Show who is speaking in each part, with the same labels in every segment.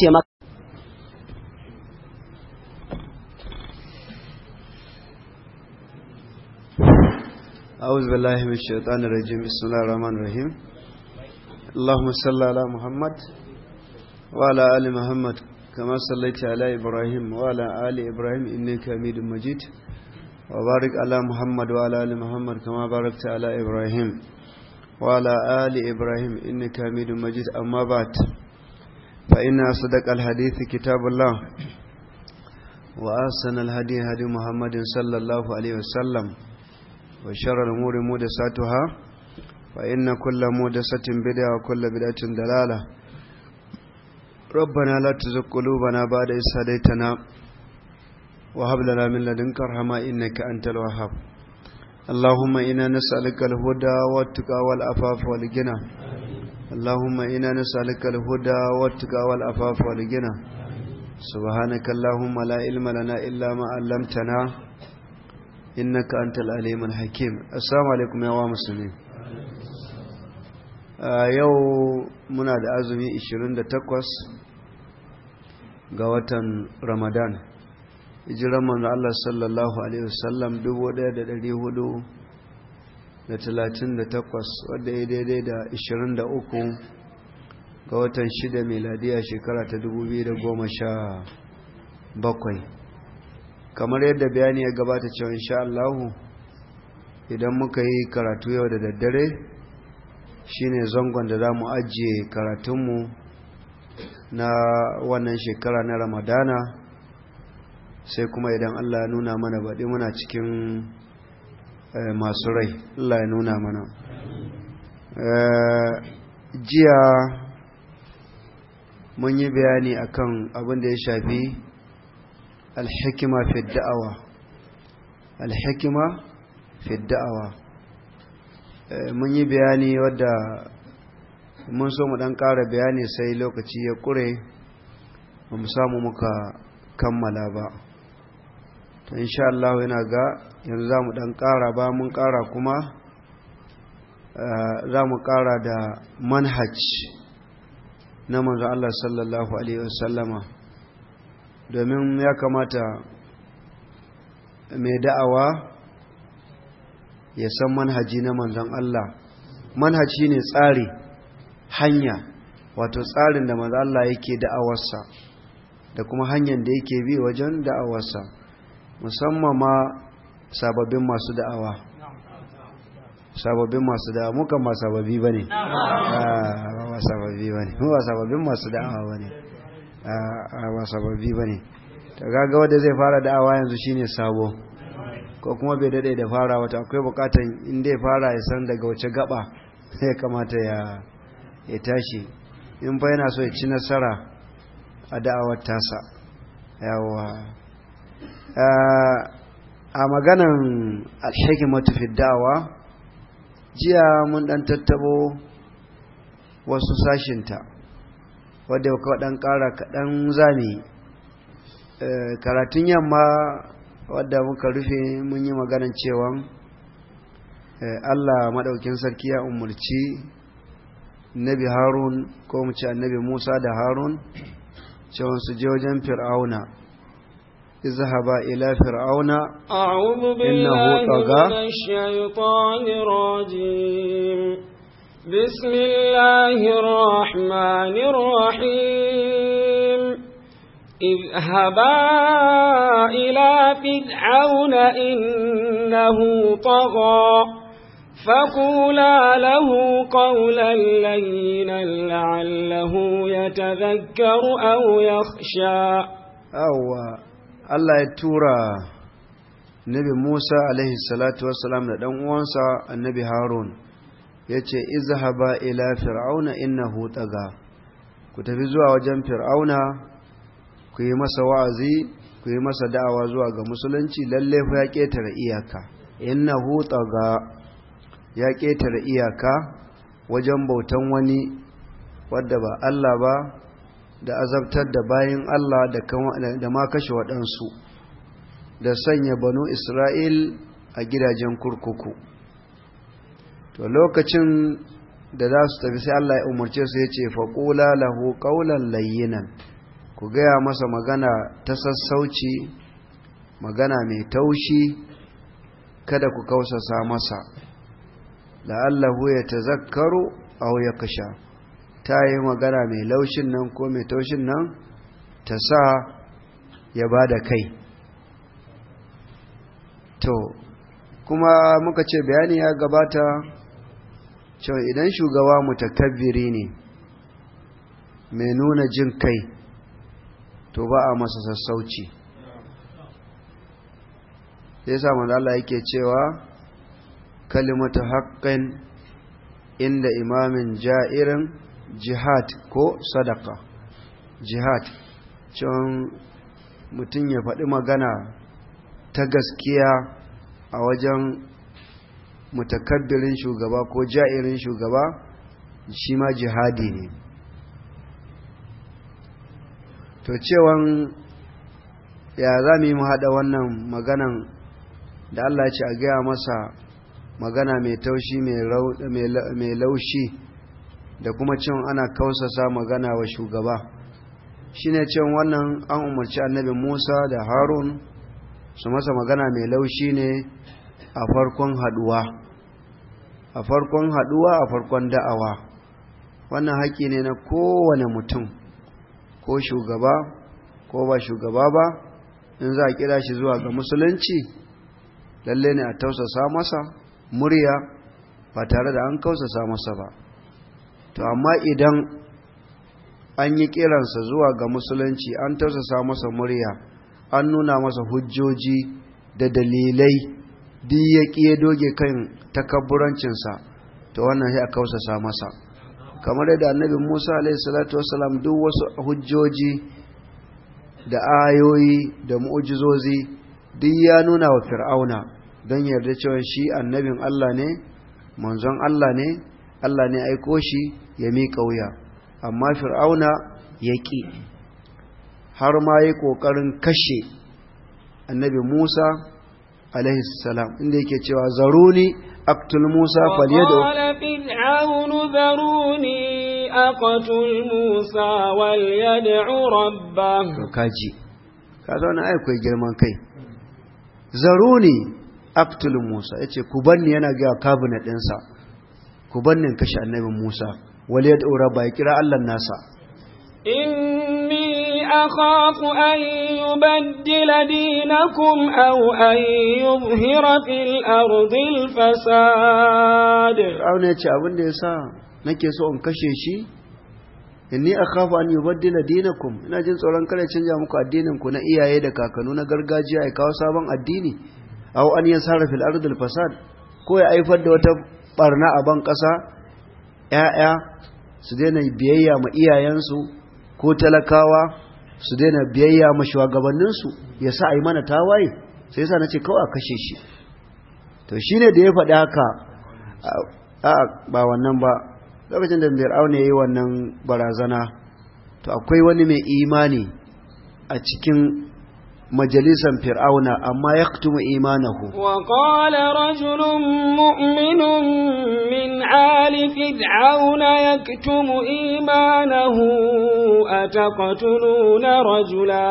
Speaker 1: ce maka أعوذ بالله من الشيطان الرجيم بسم الله الرحمن الرحيم اللهم صل على محمد وعلى آل محمد كما صليت على إبراهيم وعلى آل إبراهيم إنك حميد مجيد وبارك على محمد وعلى آل محمد كما باركت على إبراهيم وعلى آل إبراهيم إنك حميد مجيد أما بعد فإن أصدق الحديث كتاب الله وأحسن الهدي هدي محمد صلى الله عليه وسلم وشر الأمور محدثاتها فإن كل محدثة بدعة وكل بدعة ضلالة ربنا لا تزغ قلوبنا بعد إذ هديتنا وهب لنا من لدنك رحمة إنك أنت الوهاب اللهم إنا نسألك الهدى والتقى والعفاف والغنى اللهم إنا نسألك الهدى والتقى والعفاف والغنى سبحانك اللهم لا علم لنا إلا ما علمتنا إنك أنت العليم الحكيم السلام عليكم يا مسلمين yau muna da azumi 28 ga watan الله hijiran manzo Allah sallallahu alaihi wasallam 1400 da 38 wadda ya daidai da 23 ga watan 6 meladiya shekara ta 2017 kamar yadda bayani ya gabata cewa insha Allahu idan muka yi karatu yau da daddare shine zangon da za mu ajiye karatunmu na wannan shekara na ramadana sai kuma idan Allah nuna mana baɗi muna cikin Eh, masu rai Allah ya nuna mana eh, jiya mun yi bayani akan abin da ya shafi alhikima fi da'awa alhikima fi da'awa eh, mun yi bayani wadda mun so mu dan ƙara bayani sai lokaci ya ƙure ba mu samu muka kammala ba to insha Allah yana ga yanzu za mu ɗan ƙara ba mun ƙara kuma eh, za mu ƙara da manhaj na manzo Allah sallallahu Alaihi wasallama domin ya kamata mai da'awa ya san manhaji na manzon Allah manhaji ne tsari hanya wato tsarin da manzo Allah yake da'awarsa da kuma hanyar da yake bi wajen da'awarsa musamman ma sababbin masu da'awa sababbin masu da'awa mukan ba sababbi bane ah, ba sababbi bane ne ba sababbin masu da'awa bane. Ah, ba sababbi ta gaga wadda zai fara da'awa yanzu shine sabo ko kuma bai dade da fara wata akwai bukatan inda ya fara ya san daga wace gaba sai kamata ya tashi in fa yana so ya ci nasara a da'awar tasa yawa ah, a maganan alhikimatu fi jiya mun dan tattabo wasu sashinta wadda ya kawo dan kara kaɗan zami eh, karatun yamma wadda muka rufe mun yi maganan cewa eh, allah maɗaukin sarki ya umarci nabi harun ko mu ce annabi musa da harun cewa su je wajen fir'auna اذهب إلى فرعون أعوذ بالله إنه طغى من
Speaker 2: الشيطان الرجيم بسم الله الرحمن الرحيم اذهبا إلى فرعون إنه طغى فقولا له قولا لينا لعله يتذكر أو
Speaker 1: يخشى أو Allah ya tura Nabi Musa alaihi salatu wassalam da ɗan uwansa Annabi Harun yace izhaba ila fir'auna innahu taga ku tafi zuwa wajen fir'auna ku yi masa wa'azi ku yi masa da'awa zuwa ga musulunci lalle fa ya ƙetare iyaka innahu taga ya ƙetare iyaka wajen bautan wani wadda ba Allah ba da azabtar da bayan Allah da ma kashe waɗansu da sanya banu Isra'il a gidajen kurkuku to lokacin da za su tafi sai Allah ya umarce su ya ce faƙula lahu ƙaunar layyinan ku gaya masa magana ta sassauci magana mai taushi kada ku kausa sa masa la'allahu ya ta zakkaru a ya kasha ta yi magana mai laushin nan ko mai taushin nan ta sa ya ba da kai to kuma muka ce bayani ya gabata cewa idan shugaba mu ta mutakabbiri ne mai nuna jin kai to ba a masa sassauci sai sa Allah yake cewa kalimatu haƙƙin inda imamin ja'irin jihad ko sadaka jihad can mutum ya faɗi magana ta gaskiya a wajen mutakabbirin shugaba ko ja'irin shugaba shi ma jihadi ne to cewan ya za mu yi mu haɗa wannan maganan da Allah ce a gaya masa magana mai taushi mai laushi da kuma cin ana kausasa magana wa shugaba shi shine cin wannan an umarci annabi Musa da Harun su masa magana mai laushi ne a farkon haduwa a farkon haduwa a farkon da'awa wannan haƙi ne na kowane mutum ko shugaba ko ba shugaba ba in za a kira shi zuwa ga musulunci lalle ne a tausasa masa murya ba tare da an kausasa masa ba to amma idan an yi kiransa zuwa ga musulunci an tausasa masa murya an nuna masa hujjoji da dalilai duk ya ƙiye doge kan takabburancinsa to wannan ya kausasa masa kamar yadda annabi musa alaihissalatu wasalam duk wasu hujjoji da ayoyi da mu'ujizozi duk ya nuna wa fir'auna don yarda cewa shi annabin allah ne manzon allah ne allah ne aiko shi ya miƙa wuya amma fir'auna ya ƙi har ma ya ƙoƙarin kashe annabi musa alaihissalam inda yake cewa zaruni aktul musa faliyado
Speaker 2: أقتل موسى وليدع
Speaker 1: ربه كاجي kaga wani ai kai girman kai zaruni aqtul musa ce ku banni yana gaya kabinet dinsa ku bannin kashe annabi musa wal yad'u rabba ya kira Allah nasa
Speaker 3: inni
Speaker 2: akhafu an yubaddila dinakum aw an yuzhira fil ardi
Speaker 1: al auna ce abin da yasa nake so in kashe shi inni akhafu an yubaddila dinakum ina jin tsoron kada canja muku addinin ku na iyaye da kakanu na gargajiya ai kawo sabon addini aw an yasara fil ardi fasad ko ya aifar da wata barna a ban ƙasa. 'ya'ya su daina biyayya ma iyayensu ko talakawa su daina biyayya ma shugabanninsu ya sa a yi mana tawaye sai yasa na ce kawai a kashe shi to shi ne da ya faɗi haka a ba wannan ba lokacin da fir'auna ya yi wannan barazana to akwai wani mai imani a cikin majalisan fir'auna amma yaktumu imanahu
Speaker 2: wa qala rajulun mu'minun min ali fir'auna yaktumu imanahu a na rajula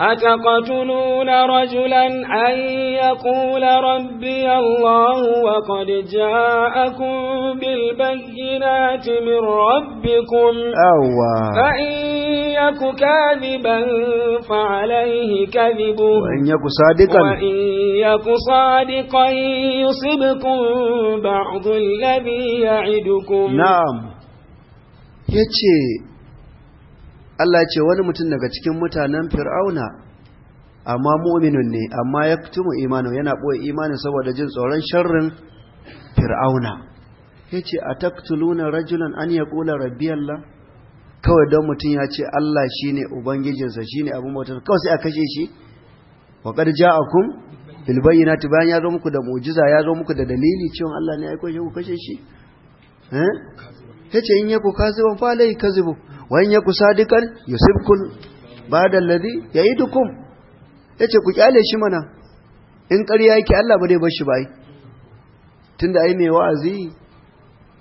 Speaker 2: أتقتلون رجلا أن يقول ربي الله وقد جاءكم بالبينات من ربكم
Speaker 1: أوا فإن
Speaker 2: يك كاذبا فعليه كذبه وإن يك صادقا وإن يك صادقا يصبكم بعض الذي يعدكم
Speaker 1: نعم يتشي Allah ce wani mutum daga cikin mutanen fir'auna amma mu'minun ne amma ya kutumu imanin yana ɓoye imanin saboda jin tsoron sharrin fir'auna ya ce a taktuluna rajulan an ya ƙula rabbiyallah kawai don mutum ya ce Allah shi ne ubangijinsa shi ne abin motar kawai sai a kashe shi wa ƙar ja'akum bayyinati bayan ya zo muku da mu'jiza ya zo muku da dalili cewa Allah ne ya aiko shi ku kashe shi eh yace in yaku kaziban fa alai kazibu wan ku sadikan yusibkul ba'da alladhi ya'idukum yace ku kyale shi mana in ƙarya yake Allah ba zai bar shi ba ai tunda ai mai wa'azi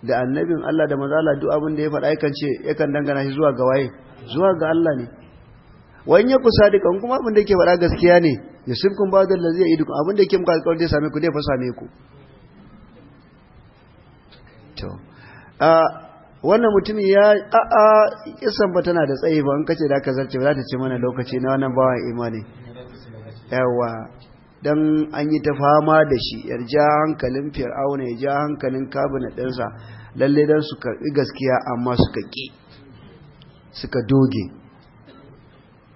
Speaker 1: da annabin Allah da manzo duk abin da ya faɗa yakan ce yakan dangana shi zuwa ga waye zuwa ga Allah ne wan ku sadikan kuma abin da yake faɗa gaskiya ne yusibkum ba'da alladhi ya'idukum abin da yake muku alƙawari zai same ku zai fa same ku to wannan mutum ya a'a kisan ba tana da tsayi ba in kace da ka zarce za ta ce mana lokaci na wannan bawan imani yawa dan an yi ta fama da shi yar ja hankalin fir'auna ya ja hankalin kabina ɗinsa lalle dan su karɓi gaskiya amma suka ƙi suka doge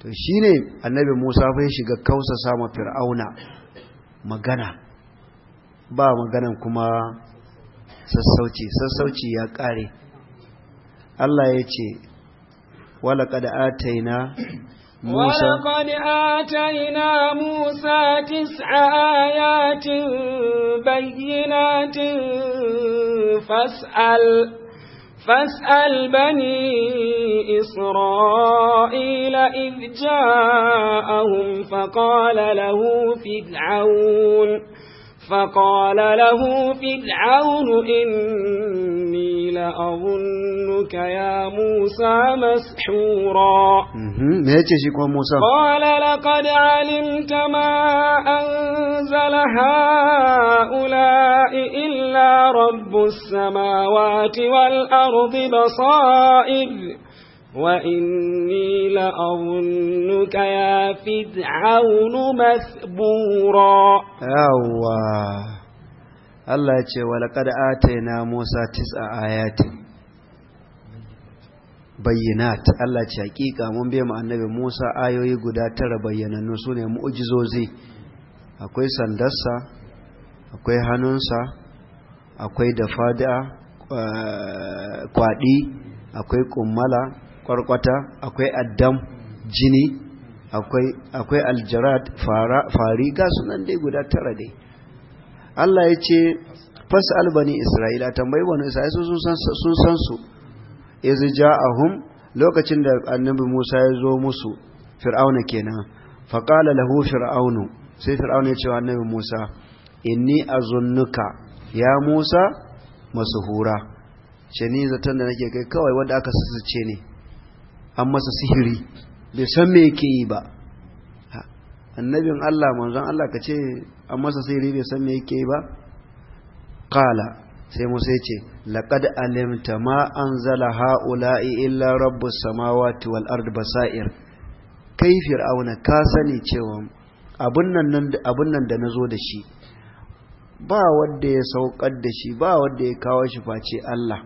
Speaker 1: to shine annabi Musa fa shiga kausa sama fir'auna magana ba maganan kuma sassauci sassauci ya ƙare Allah ya ce walaƙad ataina Musa
Speaker 2: walaƙad ataina Musa tis'a ayatin bayyinatin fas'al فاسأل بني إسرائيل إذ جاءهم فقال له فرعون فقال له فرعون إني لأظنك يا موسى مسحورا
Speaker 1: قال
Speaker 3: لقد علمت ما أنزل
Speaker 2: هؤلاء إلا رب السماوات والأرض بصائر وإني لأظنك يا فرعون مثبورا
Speaker 1: يوا Allah ya ce walaƙar ataina Musa tis'a ayatin bayyinat Allah ce hakika mun bai mu annabi Musa ayoyi guda tara bayyanannu sune mu'jizozi akwai sandarsa akwai hannunsa akwai dafada kwaɗi akwai kummala kwarkwata akwai addam jini akwai aljarad fari ga sunan dai guda tara dai Allah ya ce fas'al albani isra'ila tambayi wani isra'ila sun san su a ja'ahum lokacin da annabi Musa ya zo musu fir'auna kenan faƙala lahu fir'aunu sai fir'auna ya ce wa annabi Musa inni azunnuka ya Musa hura ce ni zaton da nake kai kawai wanda aka susuce ne an masa sihiri bai san me yake yi ba annabin Allah manzon Allah ka ce an masa sihiri bai san me yake yi ba qala sai Musa yace ce laqad alimta ma anzala haula'i illa rabbus samawati wal ard basair kai fir'auna ka sani cewa abun nan abun nan da nazo da shi ba wanda ya saukar da shi ba wanda ya kawo shi face Allah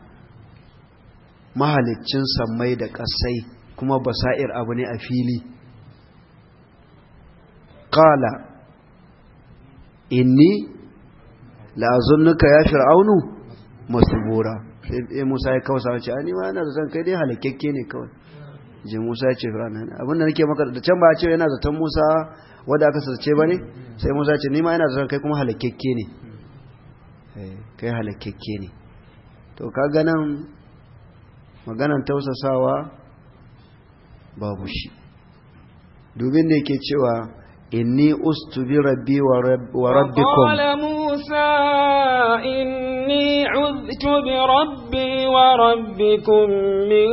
Speaker 1: mahaliccin sammai da ƙasai kuma basa'ir abu ne a fili ƙala inni la'azunnuka ya fir'aunu bora sai Musa ya kawo sawace a nima yana da zan kai dai halakakke ne kawai je Musa ya ce fir'auna abin da nake maka da can ba a ce yana zaton Musa wadda aka sace ne sai Musa ya ce nima ma yana zan kai kuma halakakke ne eh, kai halakakke ne to ka ganin maganan tausasawa babu shi domin da yake cewa inni ustu bi rabbi wa rabbikum qala
Speaker 2: musa inni uztu bi rabbi wa rabbikum min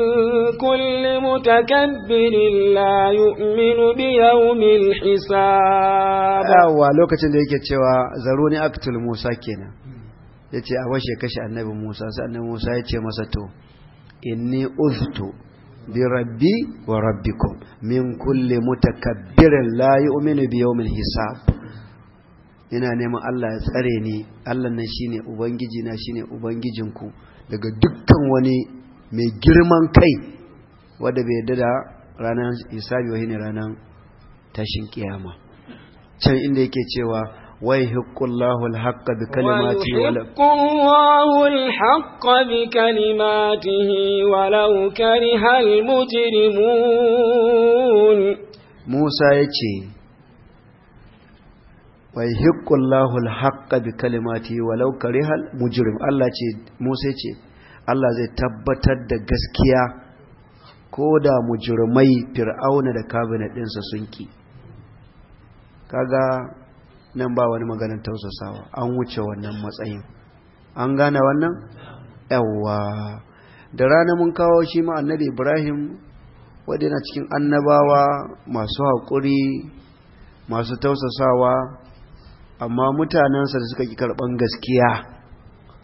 Speaker 2: kulli mutakabbirin la yu'minu bi yawmil hisab yawa
Speaker 1: lokacin da yake cewa zaruni aktul musa kenan yace a washe kashi annabi musa sai annabi musa yace masa to inni uztu bi rabbi wa rabbikum min kulli mutakabbirin la yu'minu bi hisab ina neman Allah ya tsare ni Allah nan shine ubangiji na shine ubangijinku daga dukkan wani mai girman kai wanda bai dada da ranar hisabi wa ranar tashin kiyama can inda yake cewa ويحق الله الحق بكلماته ويحق
Speaker 2: الله الحق بكلماته ولو كره المجرمون
Speaker 1: موسى يتشي ويحق الله الحق بكلماته ولو كره المجرم الله يتشي موسى يتشي الله zai tabbatar دقسكيا كودا مجرمي فرعون mujirmai fir'auna سنكي kaga nan ba wani maganin tausasawa an wuce wannan matsayin an gane wannan yawwa da rana mun kawo shi ma annabi ibrahim wadda yana cikin annabawa masu haƙuri masu tausasawa amma mutanensa da suka ƙi karɓan gaskiya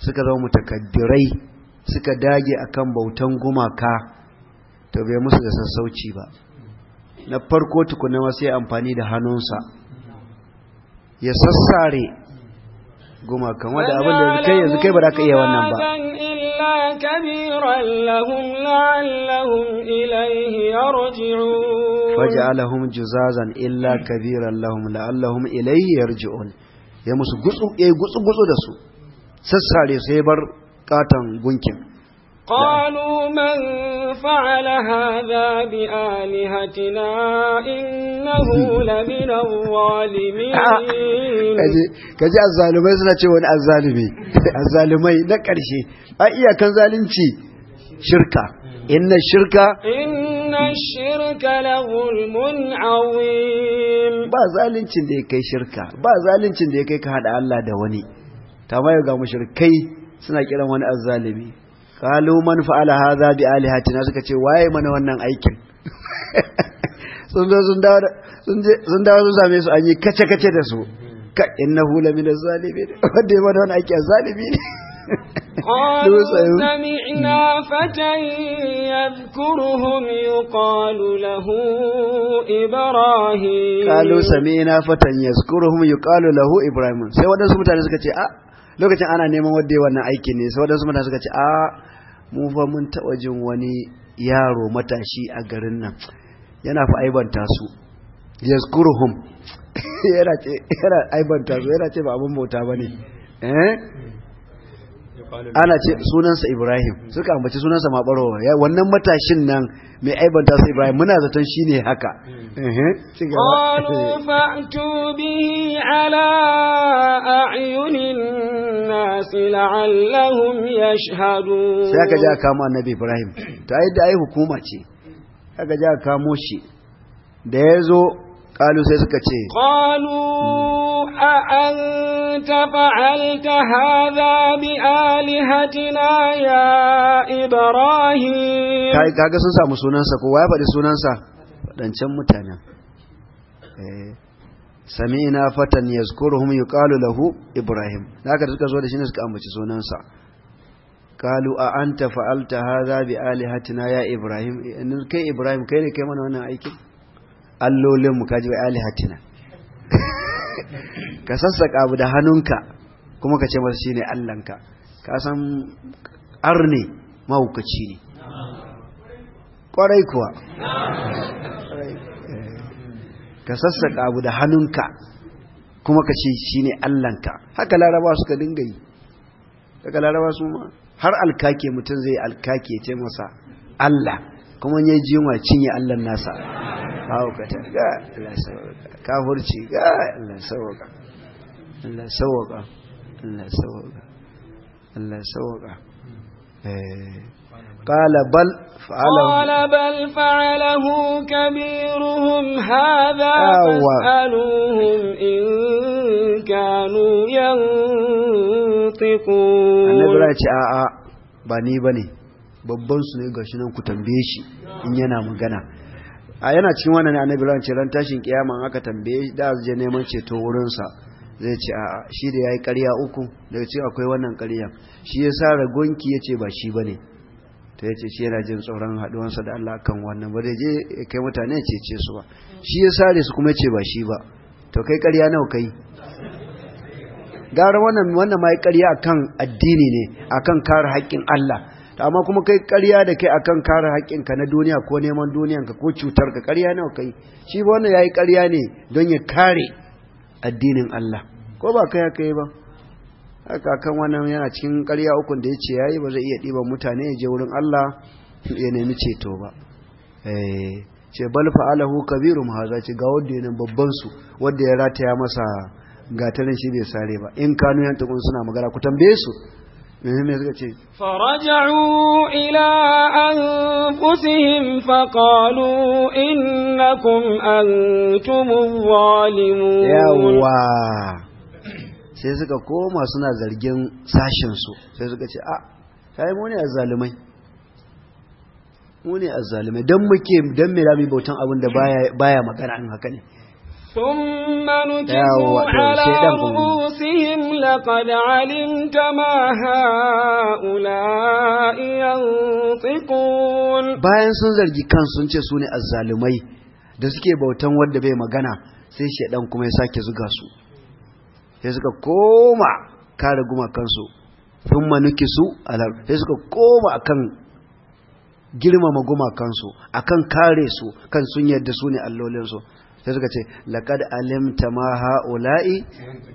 Speaker 1: suka zama mutakaddirai suka dage akan bautan gumaka to bai musu da sassauci ba na farko tukuna ma sai amfani da hannunsa ya sassare gumakan wanda abin da kai yanzu kai ba za ka iya wannan ba
Speaker 2: faj'alahum
Speaker 1: juzazan illa kabiran lahum la'allahum ilayhi yarji'un ya musu gutsu gutsu da su sassare sai bar katon gunkin قالوا من فعل هذا
Speaker 2: بآلهتنا إنه لمن الظالمين
Speaker 1: kaji azzalimai suna ce wani azzalimi azzalimai na ƙarshe a iyakan zalunci shirka inna shirka inna shirka lahulmun azim ba zaluncin da ya kai shirka ba zaluncin da ya kai ka haɗa Allah da wani ta mayo ga mushrikai suna kiran wani azzalimi qalu man fa'ala hadha bi alihatina suka ce waye mana wannan aikin sun zo sun dawo sun dawo sun same su an yi kace kace da su ka innahu la min zalimin wanda ya mana wannan aiki zalimi ne
Speaker 2: قالوا سمعنا فتى يذكرهم يقال له
Speaker 1: إبراهيم قالوا سمعنا فتى يذكرهم يقال Lahu Ibrahim, sai wadansu mutane suka ce a ah, lokacin ana neman wadda wannan aiki ne sai wadansu mutane suka ce a ah, mu fa mun taɓa jin wani yaro matashi a garin nan yana fa aibanta su yaskuruhum yana aibanta su yana ce ba abin bauta ba ne eh? ana ce sunansa Ibrahim suka ambaci sunansa ma baro wannan matashin nan mai aibanta sa Ibrahim muna zaton shine haka hmm. qalu
Speaker 2: fa'tu bihi ala a'yunin nas la'allahum yashhadu sai aka ja
Speaker 1: kama annabi Ibrahim ta yi da ai hukuma ce aka ja kamo shi da ya zo. Kalu sai suka ce, Kalu
Speaker 2: a an tafa'alta haza bi alihatina ya Ibrahim.
Speaker 1: Kaga sun samu sunansa, kowa ya faɗi sunansa, waɗancan mutanen. na fatan ya zukuruhum yi kalu lahu Ibrahim, Na aka suka zo da shi ne suka ambaci sunansa. Kalu a an tafa'alta haza bi alihatina ya Ibrahim, kai Ibrahim, kai ne kai mana wannan aikin? allolinmu kaji wa alihatina ka sassaka abu da hannunka kuma ka ce masa shi ne allanka ka san arne mahaukaci ne kwarai kuwa ka sassaka abu da hannunka kuma ka ce shi ne allanka haka laraba suka dinga yi haka laraba su ma har alkake mutum zai alkake ce masa allah kuma ya ji yunwa cinye allan nasa mahaukatan ga Allah sauwaka kafurci ga Allah sauwaka Allah sauwaka Allah sauwaka Allah sauwaka قال بل فعله قال
Speaker 2: بل فعله كبيرهم هذا فاسألوهم إن كانوا
Speaker 1: ينطقون أنا برأيك babban su ne gashi nan ku tambaye shi in yana magana a yana cikin wannan annabi ran ce ran tashin kiyama aka tambaye da je neman ceto wurinsa zai ce a shi da yayi ƙarya uku daga cikin akwai wannan ƙarya shi ya sa ragonki yace ba shi bane to yace shi yana jin tsoron sa da Allah kan wannan ba da je kai mutane ya cece su ba shi ya sa su kuma yace ba shi ba to kai ƙarya nawa kai gara wannan wannan mai ƙarya akan addini ne akan kare haƙƙin Allah amma kuma kai karya da kai akan kare haƙƙinka na duniya ko neman duniyanka ko cutarka ƙarya nawa kai shi ba wannan yayi ƙarya ne don ya kare addinin Allah ko ba kai haka yi ba haka kan wannan yana cikin karya ukun da ya yace yayi ba zai iya ɗiban mutane ya je wurin Allah ya nemi ceto ba eh ce bal fa'alahu kabirum haza ce ga wanda yana babban su wanda ya rataya masa gatarin shi bai sare ba in kanu yan tukun suna magana ku tambaye su menene suka ce
Speaker 3: faraja'u
Speaker 2: ila anfusihim faqalu innakum antum zalimun yawa
Speaker 1: sai suka koma suna zargin sashin su sai suka ce a ah, kai mu ne azzalumai mu ne azzalumai dan muke dan me rami bautan abin da baya baya magana in haka ne ثم نكسوا على
Speaker 2: رؤوسهم لقد علمت ما هؤلاء
Speaker 1: ينطقون bayan sun zargi kan sun ce su ne azzalumai da suke bautan wanda bai magana sai shedan kuma ya sake zuga su sai suka koma kare gumakansu thumma nukisu ala sai suka koma akan girmama gumakansu akan kare su kan sun yadda su ne allolin su. sai suka ce laqad alimta ma haula'i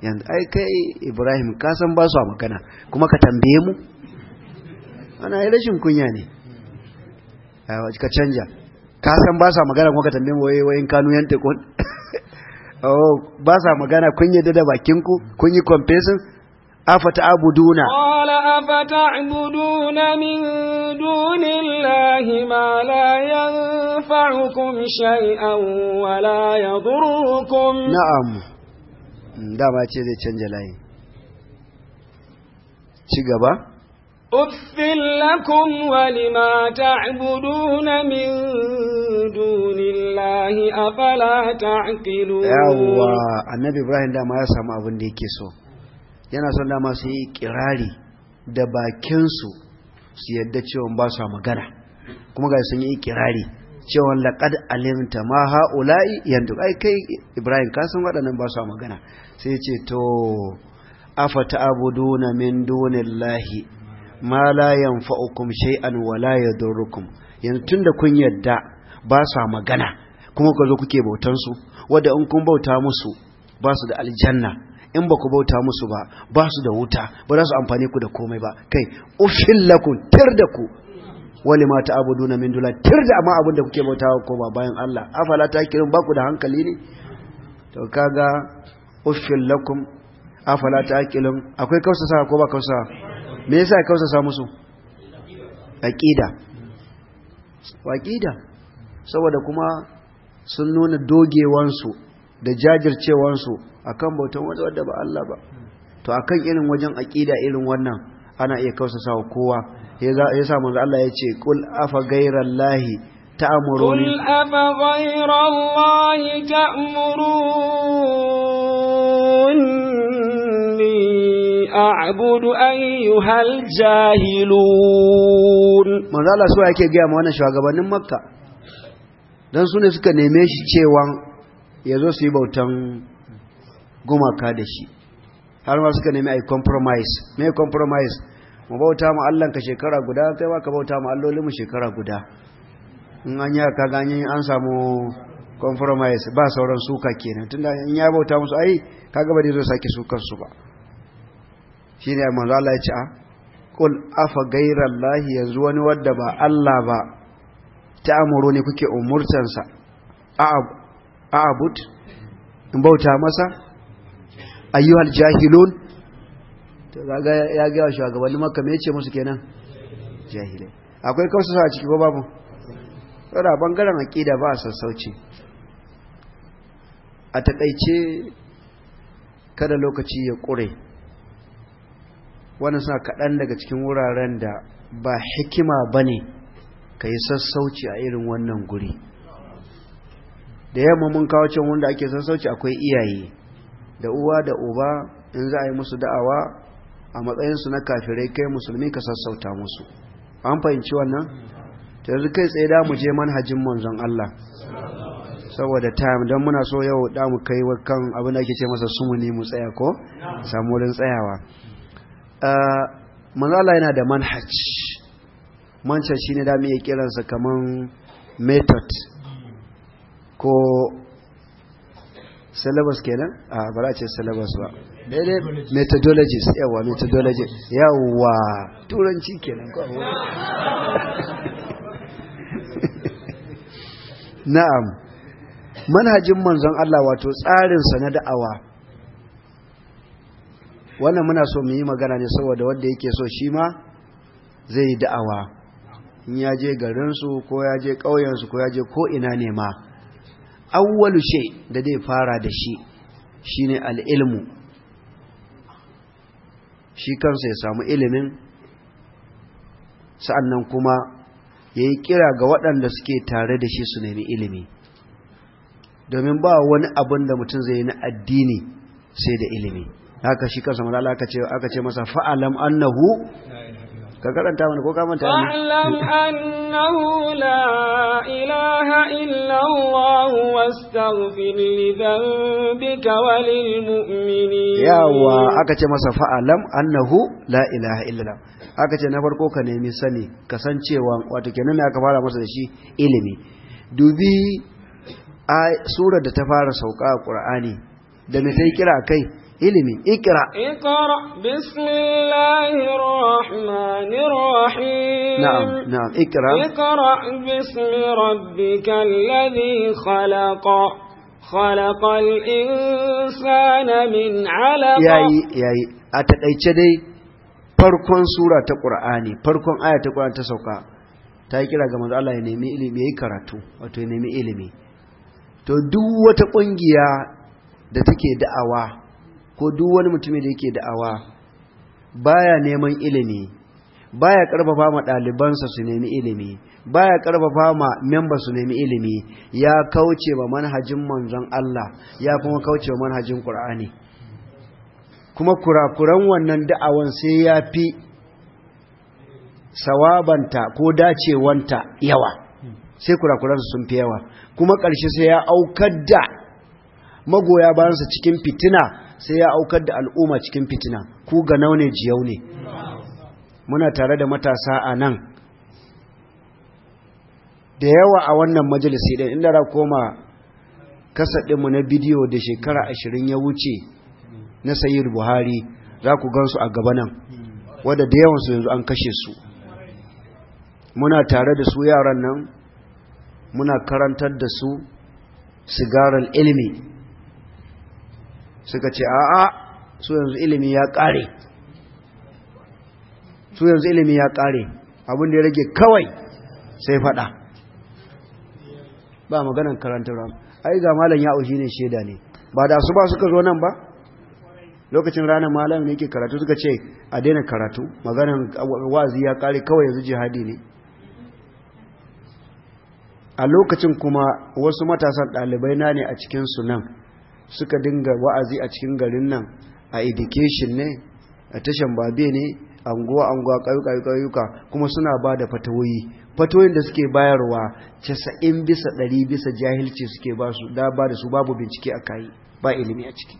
Speaker 1: yanzu ai kai Ibrahim kasan ba su magana kuma ka tambaye mu ana yi rashin kunya ne ka canja kasan ba su a magana kuma ka tambaye mu waye wayin kanu yan tekun oh, ba su a magana kun yadda da bakin ku kun yi confession أفتعبدون
Speaker 2: قال أفتعبدون من دون الله ما لا ينفعكم شيئا ولا يضركم نعم
Speaker 1: dama ce zai canja layi ci gaba
Speaker 2: uffin lakum walima ta'buduna min dunillahi afala ta'qilun yawa
Speaker 1: annabi ibrahim dama ya samu abin da yake so yana son dama su yi kirari da bakinsu su yadda cewa ba su magana kuma ga sun yi kirari cewa laƙad alimta ma ha'ula'i yanzu ai kai ibrahim kasan waɗannan ba su magana sai ce to afata abuduna min dunillahi ma la yanfa'ukum shay'an wa la yadurrukum yanzu tunda kun yadda ba su magana kuma ku zo kuke bautan su wanda in kun bauta musu ba su da aljanna in ba ku bauta musu ba ba su da wuta ba za su amfani ku da komai ba kai ufin lakun tir da ku mata ma duna min dula tir da amma abin da kuke bauta ko ba bayan Allah afala ta kirin ba ku da hankali ne to kaga ufin lakun afala ta kirin akwai sa ko ba kausa me yasa sa musu aqida aqida saboda kuma sun nuna dogewansu da jajircewansu akan bautan wanda wadda ba Allah ba to akan irin wajen aqida irin wannan ana iya kausa wa kowa ya sa manzo Allah ya ce kul afa ghairallahi تأمروني قل
Speaker 2: أفغير الله تأمروني
Speaker 1: أعبد أيها jahilun من Allah su yake قيام ma wani shugabannin makka dan su ne suka neme shi cewa ya zo su yi bautan gumaka da shi har ma suka nemi a yi compromise mai compromise mu bauta mu allanka shekara guda kai ba ka bauta mu allolinmu shekara guda in an yi ka ganyen an samu compromise ba sauran suka kenan tunda in ya bauta musu ai kaga gaba zai zo sake sukan su ba Shi ne manzo Allah ya ce a ah, kul afa ghairallahi yanzu wani wadda ba Allah ba amuro ne kuke umurtansa a abud in bauta masa ayyuhal jahilun ga ya ga shugabannin makka me yace musu kenan jahilai akwai kausa a ciki ko babu saboda bangaren aqida ba sassauci a takaice kada lokaci ya kure wannan suna kaɗan daga cikin wuraren da ba hikima bane ne ka yi sassauci a irin wannan guri da yamma mun kawo can wanda ake sassauci akwai iyaye da uwa da uba in za a yi musu da'awa a matsayinsu na kafirai kai musulmi ka sassauta musu an fahimci wannan ta yanzu kai tsaye da mu je manhajin manzon Allah saboda time don muna so yau da mu kai kan abin da ake ce masa sumuni mu tsaya ko samu wurin tsayawa ah, Manzala yana da manhaj manhaj shine da mu iya kiransa kaman method ko syllabus kenan a ah, ba za a ce syllabus ba daidai methodologies yawa methodology yawa turanci kenan ko na'am manhajin manzon Allah wato tsarinsa na da'awa wannan muna so mu yi magana ne saboda wanda yake so shi ma zai yi da'awa in ya je garinsu ko ya je ƙauyensu ko ya je ko ina ne ma awwalu shay da zai fara da shi shine al-ilmu shi kansa ya samu ilimin sa'annan kuma yayi kira ga waɗanda suke tare da shi su nemi ilimi domin ba wani abin da mutum zai yi na addini sai da ilimi haka shi kansa malala aka ce aka ce masa fa'alam annahu ka karanta mana ko ka manta ni a'lam
Speaker 2: annahu la ilaha illa Allah wastaghfir li dhanbika wa lil mu'minin
Speaker 1: yawa aka ce masa fa'alam annahu la ilaha illa Allah aka ce na farko ka nemi sani cewa wato kenan aka fara masa da shi ilimi dubi a surar da ta fara sauka a Qur'ani da me sai kira kai ilimi ikira
Speaker 2: ikira bismillahirrahmanirrahim
Speaker 1: na'am na'am ikira
Speaker 2: ikira bismi rabbikal ladhi khalaqa sura ta من farkon ياي
Speaker 1: ياي أتقيتش ta فرقون ta القرآن فرقون آية القرآن تسوكا تايكرا كما قال الله ينمي karatu wato ya nemi ilimi to duk wata ƙungiya da take da'awa ko duk wani mutumin da yake da'awa baya neman ilimi baya karfafa ma ɗalibansa su nemi ilimi baya karfafa ma memba su nemi ilimi ya kauce ba manhajin manzon Allah ya kuma kauce ba manhajin Qur'ani kuma kurakuran wannan da'awan sai ya fi sawabanta ko dacewanta yawa sai kurakuransu sun fi yawa kuma ƙarshe sai ya aukar da magoya bayansa cikin fitina sai ya aukar da al'umma cikin fitina ku ga naune jiyau ne muna tare da matasa a nan da yawa a wannan majalisi ɗin inda ra koma kasaɗinmu na bidiyo da shekara ashirin ya wuce na sayir buhari za ku gansu a gaba nan wadda da yawansu yanzu an kashe su muna tare da su yaran nan muna karantar da su sigarar ilimi suka ce a'a su yanzu ilimi ya ƙare su yanzu ilimi ya kare abin da ya rage kawai sai faɗa ba maganan karantar ai ga malam ya ushi ne shaida ne ba da su ba suka zo nan ba lokacin ranar malam ne ke karatu suka ce a daina karatu maganan wazi ya ƙare kawai yanzu jihadi ne a lokacin kuma wasu matasan ɗalibai na ne a cikinsu nan suka dinga wa'azi a cikin garin nan a education ne a tashan babe ne anguwa anguwa kayuka kuma suna ba da fatawoyi fatawoyin da suke bayarwa 90 bisa 100 bisa jahilci suke ba su da ba da su babu bincike a kayi ba ilimi a ciki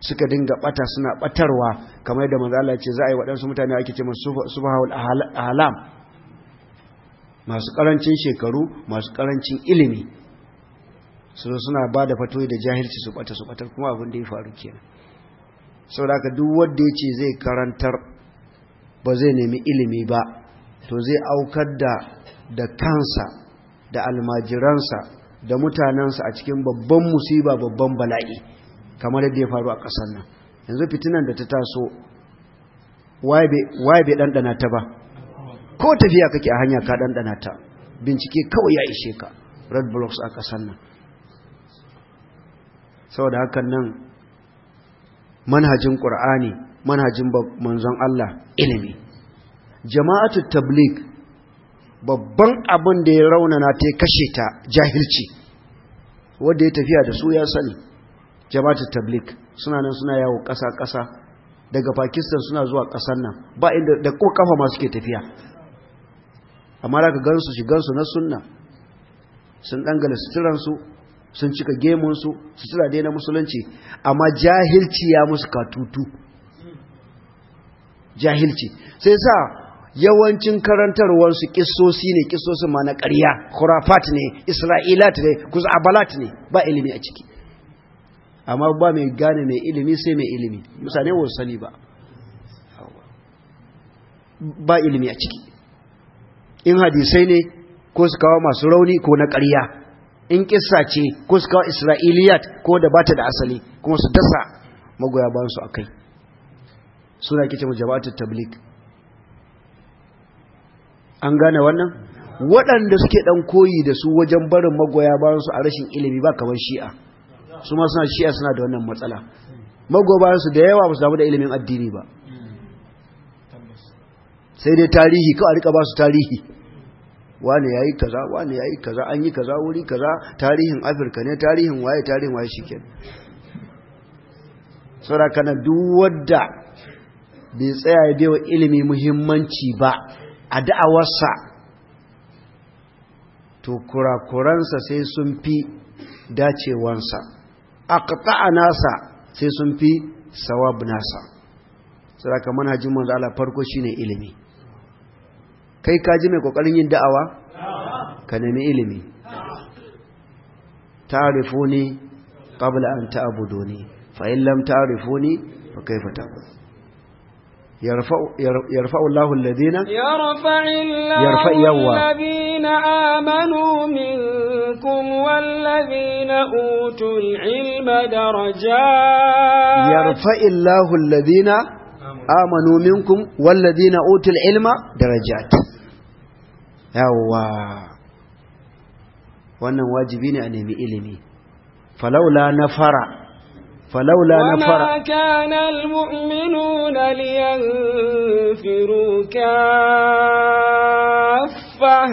Speaker 1: suka dinga bata suna batarwa kamar da manzo ce za a yi waɗansu mutane ake ce masu subhahul alam masu karancin shekaru masu karancin ilimi su suna ba da fatoyi da jahilci su bata su batar kuma abin da ya faru kenan da aka duk wanda ya ce zai karantar ba zai nemi ilimi ba to zai aukar da da kansa da almajiransa da mutanensa a cikin babban musiba babban bala'i kamar yadda ya faru a ƙasar nan yanzu fitinan da ta taso waye bai ɗanɗana ta ba ko tafiya kake a hanya ka ɗanɗana ta bincike kawai ya ishe ka red blocks a ƙasar nan saboda hakan nan manhajin ƙur'ani manhajin manzon Allah ilimi jama'atu tabligh babban abin da ya raunana ta kashe ta jahilci wanda ya tafiya da su ya sani jama'atu tabligh suna nan suna yawo ƙasa-ƙasa daga Pakistan suna zuwa ƙasar nan ba inda da ko kafa ma suke tafiya amma da zaka gansu shigansu na sunna sun ɗangala suturansu sun cika gemunsu su suna daina musulunci amma jahilci ya musu katutu jahilci sai sa yawancin karantarwarsu kisosi ne kisosi ma na ƙarya khurafat ne isra'ilat ne kuzabalat ne ba ilimi a ciki amma ba mai gane mai ilimi sai mai ilimi misali wasu sani ba ba ilimi a ciki in hadisai ne ko su kawo masu rauni ko na ƙarya in kisa ce ko su kawo isra'iliyat ko da bata da asali kuma su dasa magoya bayan su akai suna kice mu jama'atul tabligh an gane wannan waɗanda suke dan koyi da su wajen barin magoya bayan su a rashin ilimi ba kamar shi'a su ma suna shi'a suna da wannan matsala magoya bayan su da yawa ba su damu da ilimin addini ba sai dai tarihi kawai a rika ba su tarihi wani yayi kaza wani yayi kaza an yi kaza wuri kaza tarihin afirka ne tarihin waye tarihin waye shikenan saboda kana duk wadda bai tsaya ya bewa ilimi muhimmanci ba a da'awarsa to kurakuransa sai sun fi dacewansa A nasa sai sun fi sawab nasa saraka manhajin manzo Allah farko shine ilimi kai ka ji mai kokarin yin da'awa ka nemi ilimi ta'rifu qabla an ta'buduni fa in lam ta'rifu ni fa kayfa ta'bud yarfa yarfa Allahu alladhina yarfa
Speaker 2: Allahu alladhina amanu minkum walladhina
Speaker 1: utul ilma darajat yarfa utul ilma darajat yawwa wannan wajibi ne a nemi ilimi falaula na fara فلولا نفر وما
Speaker 2: كان المؤمنون لينفروا كافة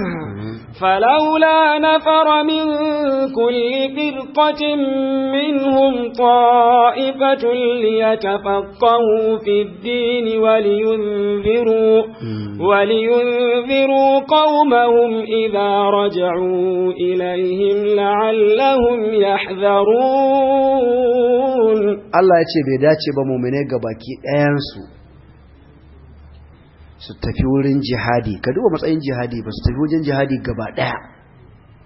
Speaker 2: فلولا نفر من كل فرقة منهم طائفة ليتفقهوا في الدين ولينذروا, ولينذروا قومهم إذا رجعوا إليهم لعلهم يحذرون
Speaker 1: الله يتبه بيداتي بمؤمنين قباكي أنسوا su tafi wurin jihadi ka duba matsayin jihadi ba su tafi wajen jihadi gaba daya